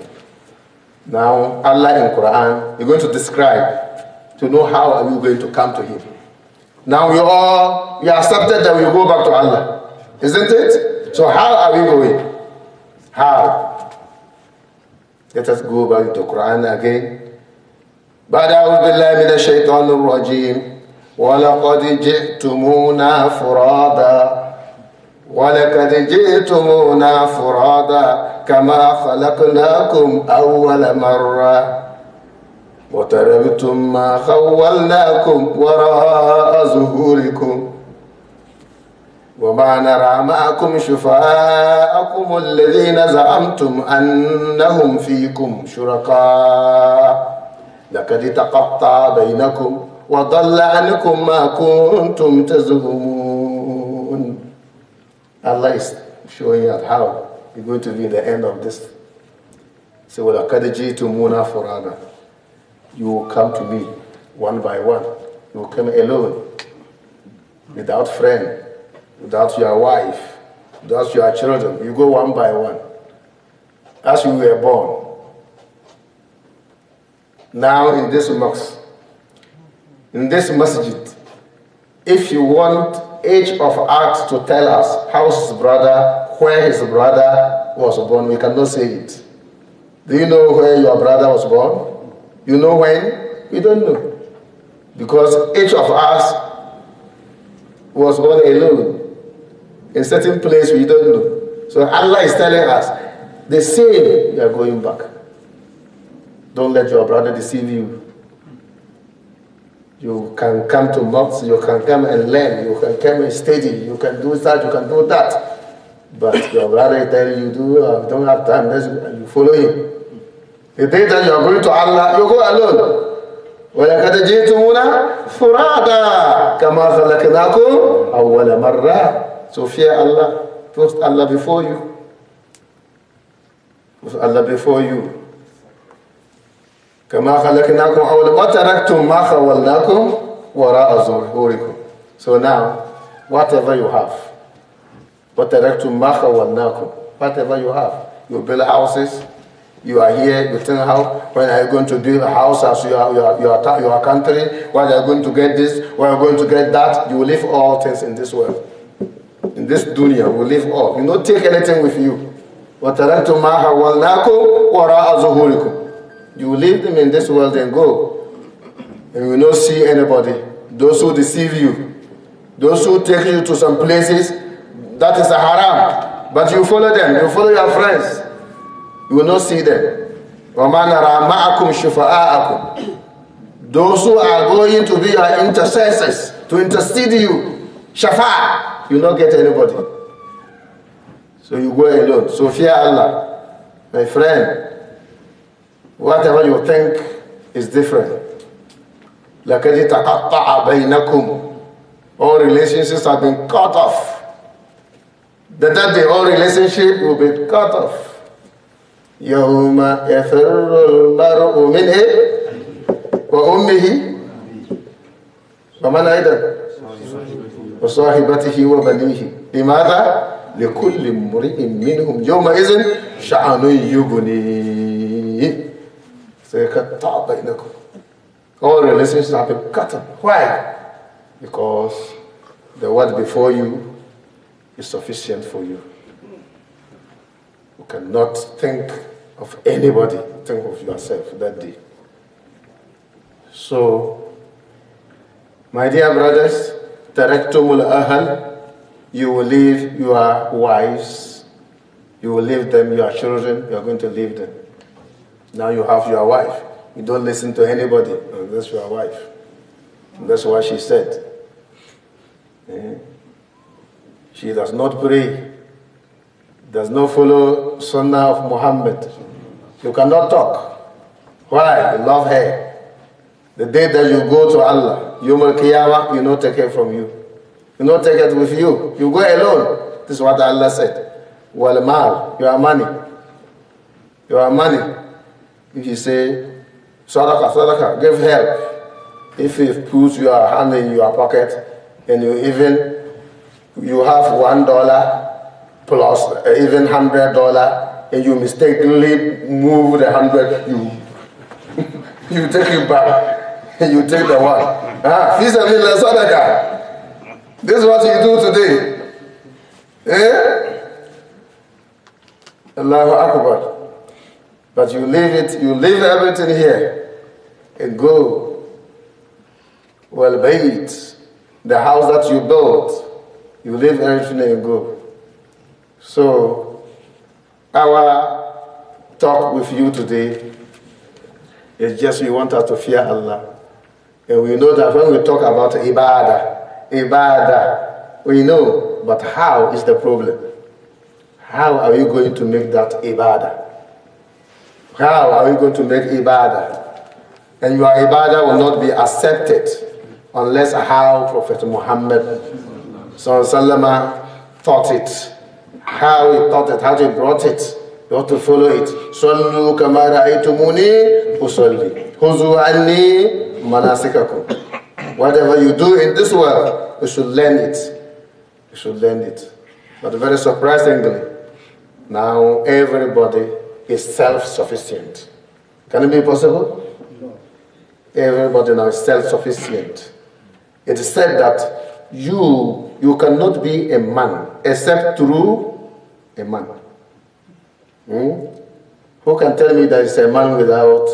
Now, Allah in Quran, you're going to describe to know how are you going to come to Him. Now we all we accepted that we go back to Allah, isn't it? So how are we going? How? Let us go back to Quran again. بعد أعوذ بالله من الشيطان الرجيم ولقد جئتمونا فرادا ولقد جئتمونا فرادا كما خلقناكم أول مرة وتربتم ما خولناكم وراء ظهوركم وما نرى معكم شفاءكم الذين زعمتم أنهم فيكم شركاء لقد تقطع بينكم وضل عنكم ما كنتم تزعمون الله is showing you how it's going to be the end of this. So, وَلَقَدْ جِئْتُمُونَا another. you will come to me one by one. You will come alone, without friend, without your wife, without your children. You go one by one. As you were born. Now in this mosque, in this masjid, if you want each of us to tell us how his brother, where his brother was born, we cannot say it. Do you know where your brother was born? You know when? We don't know. Because each of us was born alone in certain place we don't know. So Allah is telling us the same, you are going back. Don't let your brother deceive you. You can come to mosque, you can come and learn, you can come and study, you can do that, you can do that. But your brother tell you, do, uh, don't have time, you follow him. You think that you are going to Allah, you go alone. ولقد جئتمونا فرادا كما خلقناكم أول مرة So fear Allah, put Allah before you. Put Allah before you. كما خلقناكم أول وتركتم ما خولناكم وراء ظهوركم. So now, whatever you have, وتركتم ما خولناكم, whatever you have, you build houses, you are here, you think how, when are you going to build a house as your, your, your, your country? When are you going to get this? When are you going to get that? You will leave all things in this world. In this dunya, will leave all. You don't take anything with you. You will You leave them in this world and go. And you will not see anybody. Those who deceive you, those who take you to some places, that is a haram. But you follow them, you follow your friends. You will not see them. Those who are going to be your intercessors, to intercede you, shafa, you will not get anybody. So you go alone. So fear Allah. My friend, whatever you think is different. لَكَدِ تَقَطَّعَ بَيْنَكُمْ All relationships have been cut off. The that day all relationship will be cut off. يوم يفر المرء منه إيه؟ وأمه ومن أيضا وصاحبته وبنيه لماذا؟ لكل امرئ منهم يومئذ شأن يبني سيكتع بينكم All relationships have been cut off. Why? Because the word before you is sufficient for you. cannot think of anybody, think of yourself that day. So, my dear brothers, taraktumul ahal, you will leave your wives, you will leave them, your children, you are going to leave them. Now you have your wife. You don't listen to anybody, unless that's your wife. And that's what she said. Eh? She does not pray does not follow Sunnah of Muhammad. You cannot talk. Why? You love her. The day that you go to Allah, you will Qiyamah, you not take it from you. You not take it with you. You go alone. This is what Allah said. Wal mal, you are money. You are money. If you say, Sadaqah, Sadaqah, give help. If you put your hand in your pocket and you even, you have one dollar plus even hundred dollar, and you mistakenly move the hundred, you you take it back, and you take the one. Ah, this is what you do today. Eh? Allahu Akbar. But you leave it, you leave everything here and go. Well, bait the house that you built, you leave everything and go. So, our talk with you today is just we want us to fear Allah. And we know that when we talk about ibadah, ibadah, we know, but how is the problem? How are you going to make that ibadah? How are you going to make ibadah? And your ibadah will not be accepted unless how Prophet Muhammad taught it how he thought it, how he brought it. You have to follow it. صلوا كما رأيتموني أصلي. خذوا عني مناسككم. Whatever you do in this world, you should learn it. You should learn it. But very surprisingly, now everybody is self-sufficient. Can it be possible? Everybody now is self-sufficient. It is said that you you cannot be a man except through a man? Hmm? Who can tell me that it's a man without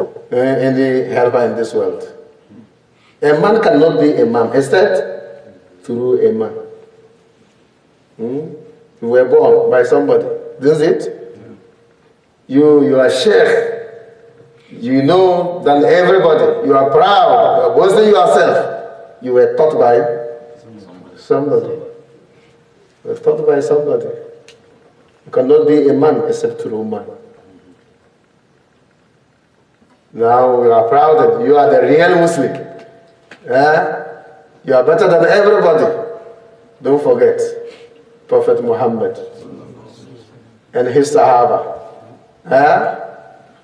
uh, any helper in this world? A man cannot be a man except through a man. Hmm? You were born by somebody, isn't it? You, you are sheikh. You know than everybody. You are proud. You are boasting yourself. You were taught by somebody. somebody. You were taught by somebody. You cannot be a man except through woman. Now you are proud that you are the real Muslim. Yeah? You are better than everybody. Don't forget Prophet Muhammad and his Sahaba. Eh?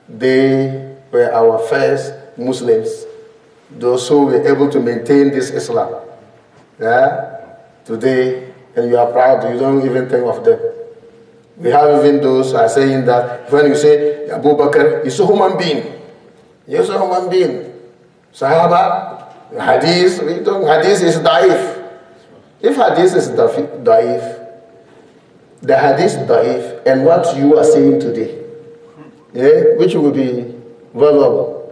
They were our first Muslims, those who were able to maintain this Islam. Yeah? Today, and you are proud, you don't even think of them. We have even those are saying that when you say Abu Bakr, he's a human being. He's a human being. Sahaba, Hadith, we don't, Hadith is daif. If Hadith is daif, the Hadith daif, and what you are saying today, yeah, which will be valuable.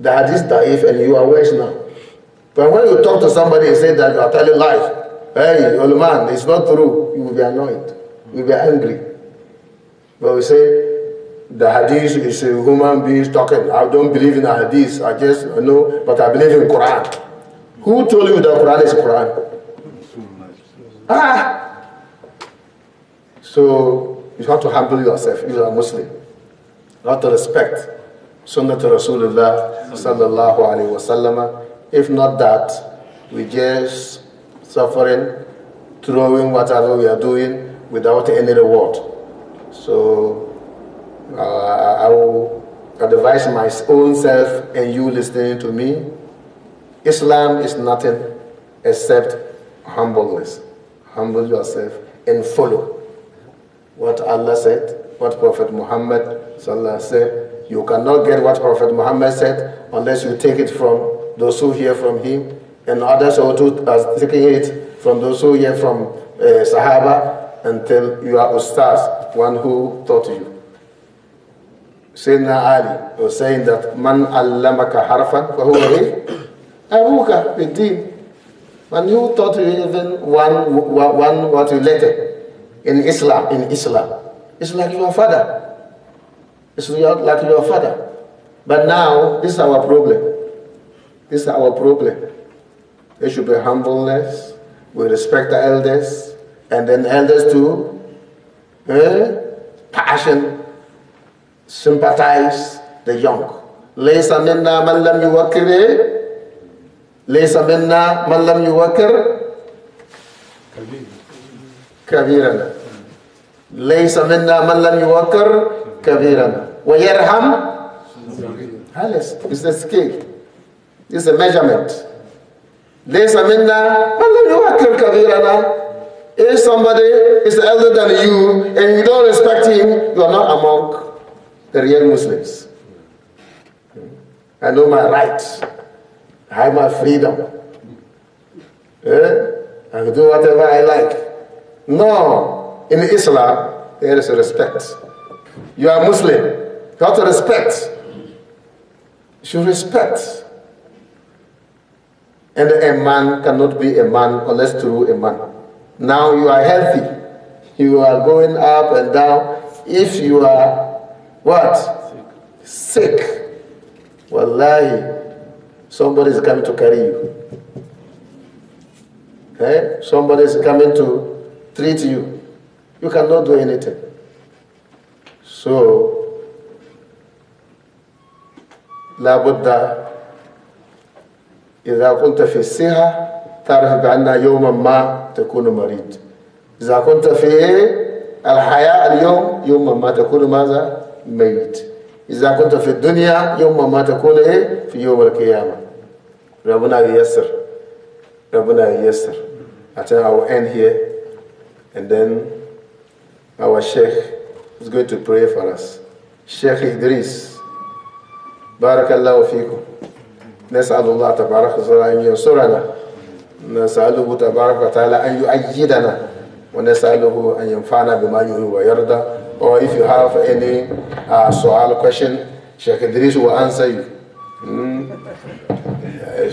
The Hadith daif, and you are worse now. But when you talk to somebody and say that you are telling lies, hey, old man, it's not true, you will be annoyed we were angry. But we say the hadith is human beings talking. I don't believe in hadith. I just I know, but I believe in Quran. Who told you that Quran is Quran? Ah! So you have to humble yourself. You are Muslim. You have to respect Sunnah Rasulullah sallallahu alaihi wasallam. If not that, we just suffering, throwing whatever we are doing, without any reward. So uh, I will advise my own self and you listening to me. Islam is nothing except humbleness. Humble yourself and follow what Allah said, what Prophet Muhammad said. You cannot get what Prophet Muhammad said unless you take it from those who hear from him, and others also taking it from those who hear from uh, Sahaba, and tell you are Ustaz, one who taught you. Sayyidina Ali was saying that Man allamaka harfan fahuwa abuka bid-din. Man who taught you even one, one what you letter in Islam, in Islam. It's like your father. It's like your father. But now, this is our problem. This is our problem. There should be humbleness. We respect the elders. and then elders to eh, passion sympathize the young. ليس منا من لم يوكر ليس منا من لم يوكر كبيرنا ليس منا من لم يوكر كبيرنا ويرحم خلاص it's a scale it's a measurement ليس منا من لم يوكر كبيرنا If somebody is elder than you and you don't respect him, you are not among the real Muslims. I know my rights. I have my freedom. Eh? I can do whatever I like. No, in Islam, there is respect. You are Muslim. You have to respect. You should respect. And a man cannot be a man unless through a man. Now you are healthy. You are going up and down. If you are what? Sick. Sick. Wallahi, somebody is coming to carry you. Eh? Somebody is coming to treat you. You cannot do anything. So, لابد إذا كنت في الصحة تعرف بأن يوما ما تكون مريض إذا كنت في الحياة اليوم يوم ما تكون ماذا ميت إذا كنت في الدنيا يوم ما تكون إيه في يوم القيامة ربنا ييسر ربنا ييسر I think I will end here and then our Sheikh is going to pray for us. Sheikh Idris, بارك الله فيكم. نسأل الله تبارك وتعالى أن ينصرنا نسأله تبارك وتعالى أن يؤيدنا ونسأله أن ينفعنا بما يحيي ويرضى or oh, if you have any uh, سؤال question Sheikh Idris will answer you mm.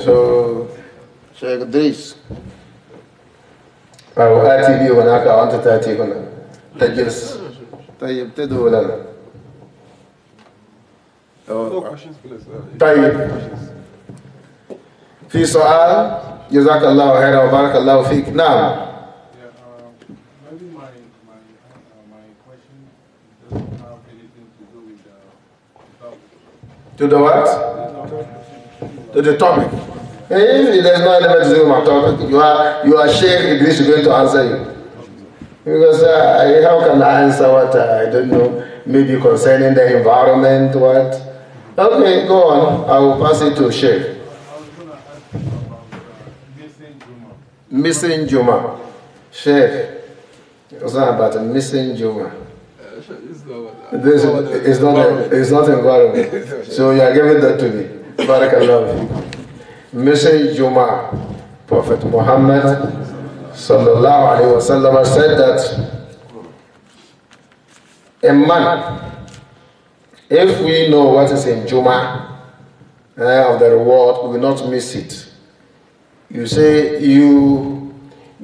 so Sheikh Idris أو آتي بي هناك أو أنت تأتي هنا تجلس طيب تدعو لنا طيب في سؤال Jazakallah khairan wa barakallahu feek. Now, um, uh, To the what? Uh, to the topic. Eh, if there's no element to do with my topic, you are you are Sheikh This is going to answer you. Because uh, how can I answer what uh, I don't know? Maybe concerning the environment, what? Okay, go on. I will pass it to Sheikh. missing Juma. Sheikh, it was not about a missing Juma. It's not, this, it's not, a, it's not environment. so you are giving that to me. Barakallah. Missing Juma. Prophet Muhammad sallallahu alaihi wasallam said that a man, if we know what is in Juma eh, of the reward, we will not miss it. You say you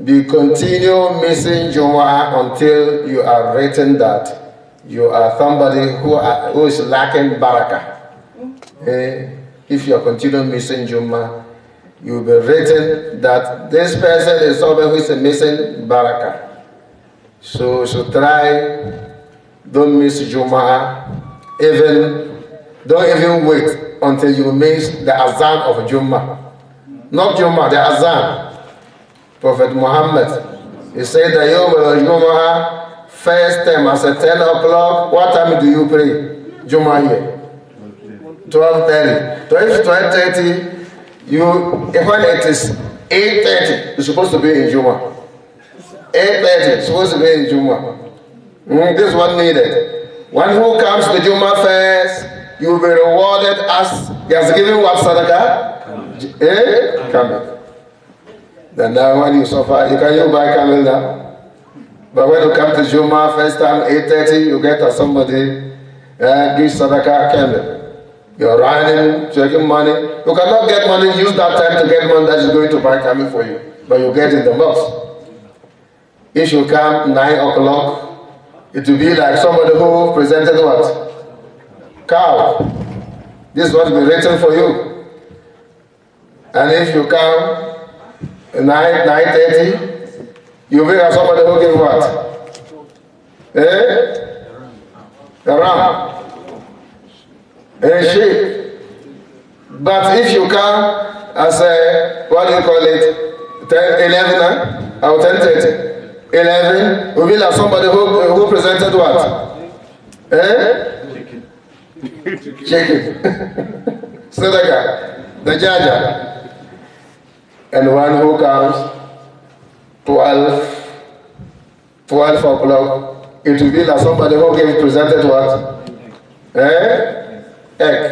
be continue missing Jumu'ah until you are written that you are somebody who, are, who is lacking barakah. Mm-hmm. Eh, okay. If you are continuing missing Jumu'ah, you will be written that this person is someone who is missing barakah. So, so try, don't miss Juma. even, don't even wait until you miss the azan of Jumu'ah. Not Jummah, the Azan. Prophet Muhammad. He said the Yom Jummah, first time as at 10 o'clock, what time do you pray? Jummah here. 12.30. 12 12.30, you, when it is 8.30, you're supposed to be in Jummah. 8.30, supposed to be in Jummah. Mm, this one needed. One who comes to Jummah first, you will be rewarded as he has given what sadaqah? Eh? Camel. Then now when you suffer, you can you buy camel now. But when you come to Juma first time, 8.30, you get somebody, uh, give Sadaka camel. You're running, taking money. You cannot get money, use that time to get money that is going to buy camel for you. But you get in the box. If you come 9 o'clock, it will be like somebody who presented what? Cow. This is what will be written for you. And if you come 9, 9.30, you bring up somebody who gives what? Eh? A ram. A sheep. But if you come as a, what do you call it, 10, 11 huh? or 10.30, 11, we will have somebody who, who presented what? Eh? Chicken. Chicken. Seneca. The Jaja. and one who comes 12, 12 o'clock, it will be that somebody who gave presented what? Eh? Egg.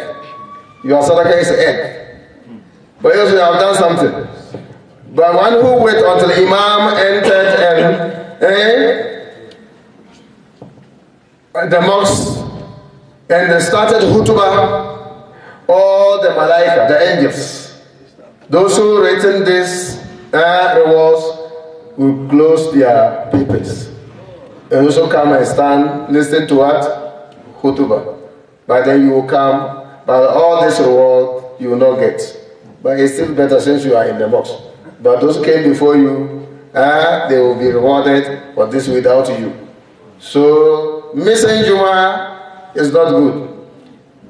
Your sadaka is egg. But you should have done something. But one who wait until Imam entered and eh, the mosque and they started hutbah, all the malaika, the angels, those who written this uh, rewards will close their papers and also come and stand, listen to what? Khutbah. But then you will come, but all this reward you will not get. But it's still better since you are in the box. But those came before you, uh, they will be rewarded for this without you. So missing Juma is not good.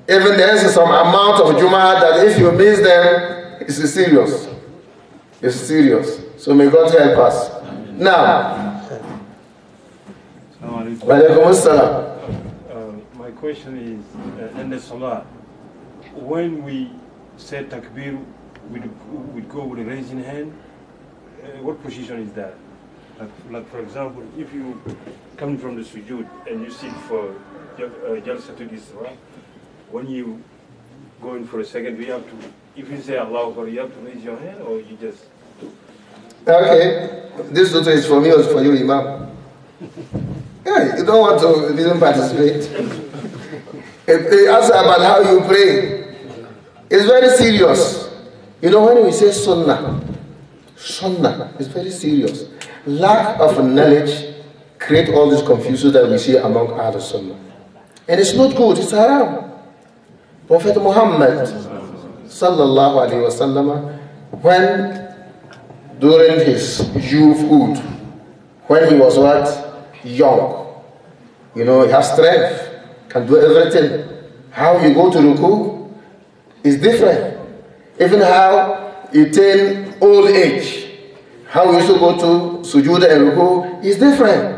Even there is some amount of Juma that if you miss them, it's serious. It's serious. So may God help us. Now, uh, my question is, uh, in the salah, when we say takbir, we we go with raising hand. Uh, what position is that? Like, like, for example, if you come from the sujood and you sit for uh, jalsa to this, when you going for a second, we have to if you say Allah, so you have to raise your hand or you just. Uh, okay. This photo is for me or for you, Imam? Yeah, you don't want to, you did not participate. they ask about how you pray. It's very serious. You know, when we say sunnah, sunnah is very serious. Lack of knowledge create all these confusions that we see among other Sunnah. And it's not good, it's haram. Prophet Muhammad sallallahu alaihi wasallam when during his youthhood when he was what young you know he has strength can do everything how you go to ruku is different even how you turn old age how you should go to sujood and ruku is different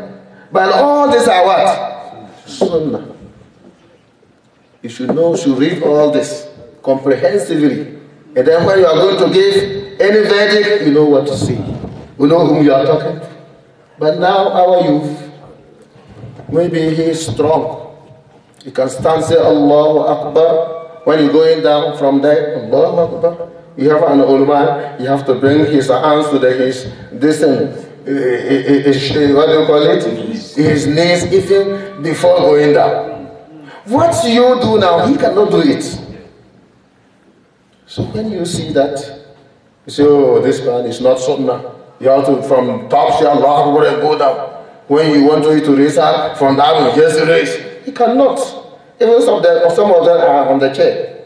but all these are what sunnah you should know you should read all this comprehensively. And then when you are going to give any verdict, you know what to say. You know whom you are talking to. But now our youth, maybe he is strong. He can stand say Allahu Akbar. When you're going down from there, Allahu Akbar. You have an old man, you have to bring his hands to the, his, this thing, eh, eh, eh, what do you call it? His knees, even before going down. What you do now, he cannot do it. So when you see that, you say, oh, this man is not sunnah. You have to, from top shall rock, go down. When you want to to raise up, from down, you just raise. You cannot. Even some of them, some of them are on the chair.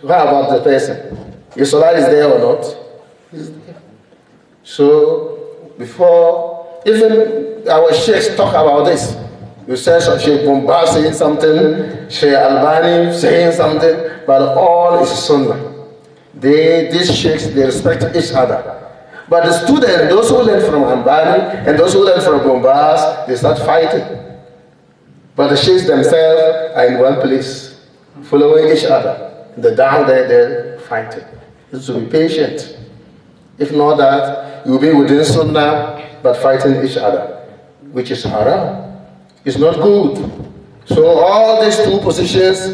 So how about the person? Your salah is there or not? there. So, before, even our sheikhs talk about this. You said Sheikh Bumba saying something, Sheikh Albani saying something, but all is Sunnah. They, these sheikhs, they respect each other. But the students those who learn from Ambani and those who learn from Bombas, they start fighting. But the sheikhs themselves are in one place, following each other. The down there, they're fighting. You should be patient. If not that, you'll be within Sunnah, but fighting each other, which is haram. is not good. So all these two positions,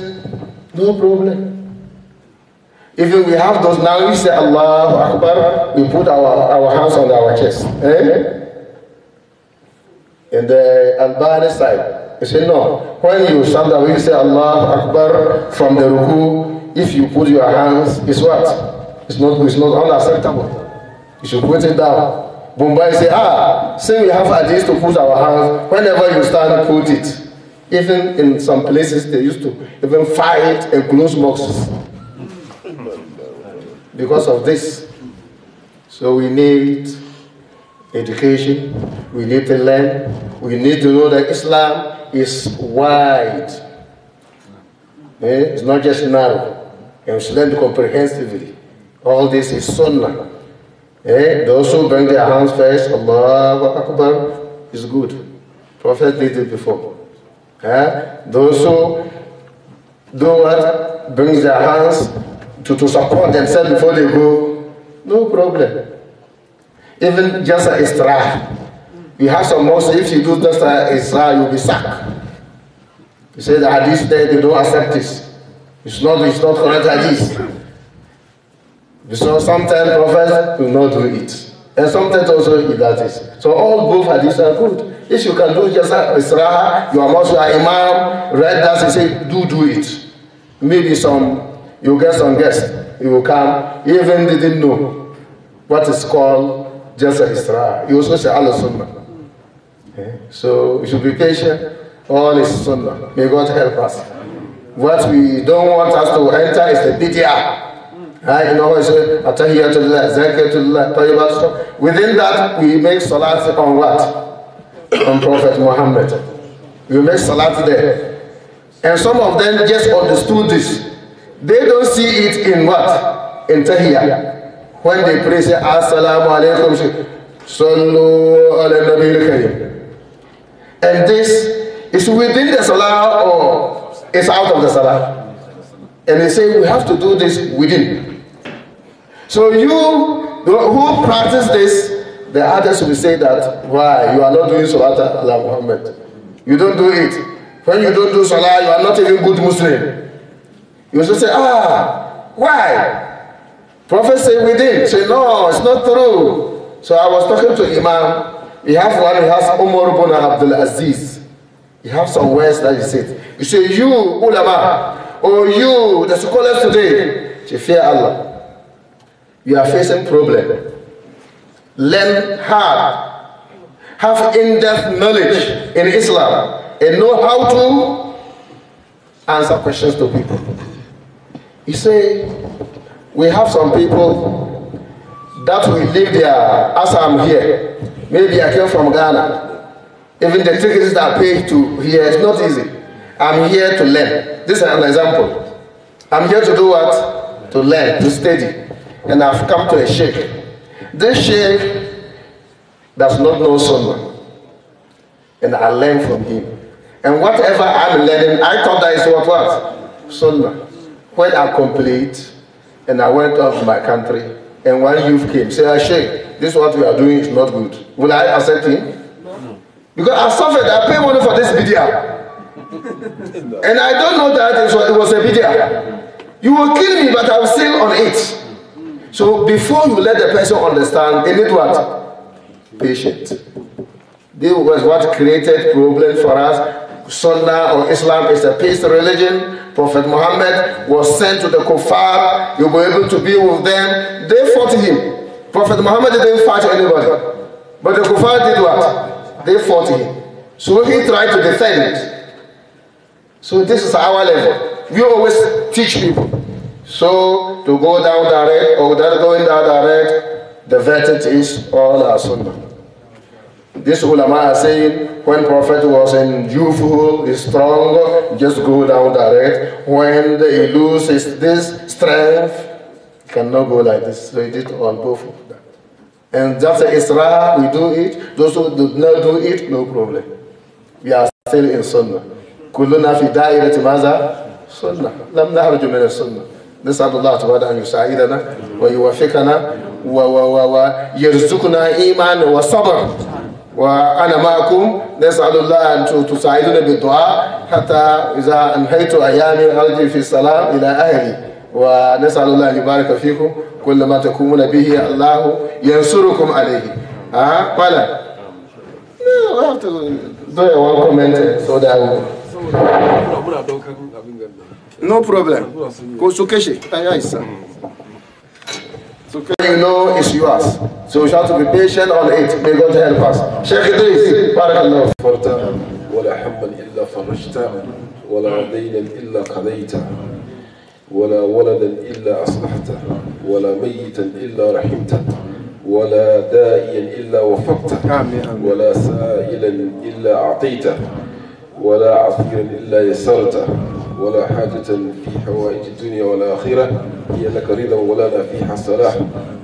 no problem. Even we have those now, we say Allahu Akbar, we put our, our hands on our chest. Eh? In the Albani side, you say no. When you stand up, you say Allahu Akbar from the ruku, if you put your hands, it's what? It's not, it's not unacceptable. You should put it down. Bombay say, ah, say we have at least to put our hands, whenever you stand, put it. Even in some places, they used to even fight and close boxes because of this. So we need education, we need to learn, we need to know that Islam is wide. Eh? It's not just narrow. And we should learn comprehensively. All this is sunnah. Eh? Those who bring their hands first, Allahu Akbar, is good. Prophet did it before. Eh? Those who do what? brings their hands to, to support themselves before they go, no problem. Even just an istirah. We have some mosques, if you do just an istirah, you'll be sacked. You say the hadith there, they don't accept this. It's not, it's not correct hadith. Because sometimes prophets will not do it. And sometimes also that is. So all both hadiths are good. If you can do just uh, Israha, you are also an imam, read that and say, do do it. Maybe some, you get some guests, you will come, even didn't know what is called just Israha. You also say Allah Sunnah. Eh? So we should be patient. All is Sunnah. May God help us. What we don't want us to enter is the bid'ah. Right? You know what I say? Atahiyatullah, zakatullah, tayyibat Within that, we make salat on what? on Prophet Muhammad. We make salat there. And some of them just understood this. They don't see it in what? In tahiyya. When they pray, say, Assalamu alaikum, say, Sallu ala nabi And this is within the salah or it's out of the salah. And they say, we have to do this within. So you who practice this, the others will say that why you are not doing salat ala Muhammad. You don't do it. When you don't do salah, you are not even good Muslim. You also say, ah, why? Prophet said we did. Say no, it's not true. So I was talking to Imam. He has one. He has Umar ibn Abdul Aziz. He has some words that he said. You say, you, ulama, or you, the scholars today, to fear Allah. you are facing problem. Learn hard. Have in-depth knowledge in Islam and know how to answer questions to people. You see, we have some people that will live there as I'm here. Maybe I came from Ghana. Even the tickets that I pay to here is not easy. I'm here to learn. This is an example. I'm here to do what? To learn, to study. and I've come to a sheikh. This sheikh does not know Sunnah, and I learn from him. And whatever I'm learning, I thought that is what was Sunnah. When I complete, and I went off to my country, and one youth came, say, ah, Sheikh, this what we are doing is not good. Will I accept him? No. Because I suffered, I paid money for this video. and I don't know that it was a video. You will kill me, but I'm still on it. So before you let the person understand, they need what? Patient. This was what created problems for us. Sunnah or Islam is a peace religion. Prophet Muhammad was sent to the kuffar. You were able to be with them. They fought him. Prophet Muhammad didn't fight anybody. But the kuffar did what? They fought him. So he tried to defend. So this is our level. We always teach people. So to go down direct or without going down direct, the verdict is all are sunnah. This ulama are saying when Prophet was in youthful, is strong, just go down direct. When he loses this strength, cannot go like this. So he did all both of that. And after Isra, we do it. Those who do not do it, no problem. We are still in Sunnah. كلنا في دائرة ماذا؟ سنة لم نخرج من السنة نسأل الله تعالى أن يساعدنا ويوفقنا ويرزقنا إيمان وصبر وأنا معكم نسأل الله أن تساعدنا بالدعاء حتى إذا أنهيت أيامي أرجع في السلام إلى أهلي ونسأل الله أن يبارك فيكم كل ما تقومون به الله ينصركم عليه ها ولا No, I have to do a one comment so that I will. No problem. Go Sukeshi. You know it's yours. So we have to be patient on it. May God help us. Sheikh Idris, Barakallah. فرتا ولا حما إلا فرجته ولا دينا إلا قضيته ولا ولدا إلا أصلحته ولا ميتا إلا رحمته ولا داعيا إلا وفقته ولا سائلا إلا أعطيته ولا عصيرا إلا يسرته ولا حاجة في حوائج الدنيا والآخرة هي لك رضا ولا فيها صلاح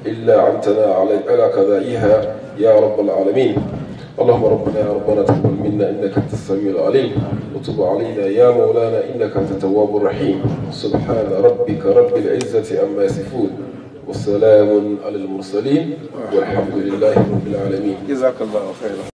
إلا عنتنا على كذائها يا رب العالمين اللهم ربنا يا ربنا تقبل منا إنك أنت السميع العليم وتب علينا يا مولانا إنك أنت التواب الرحيم سبحان ربك رب العزة عما يصفون وسلام على المرسلين والحمد لله رب العالمين جزاك الله خيرا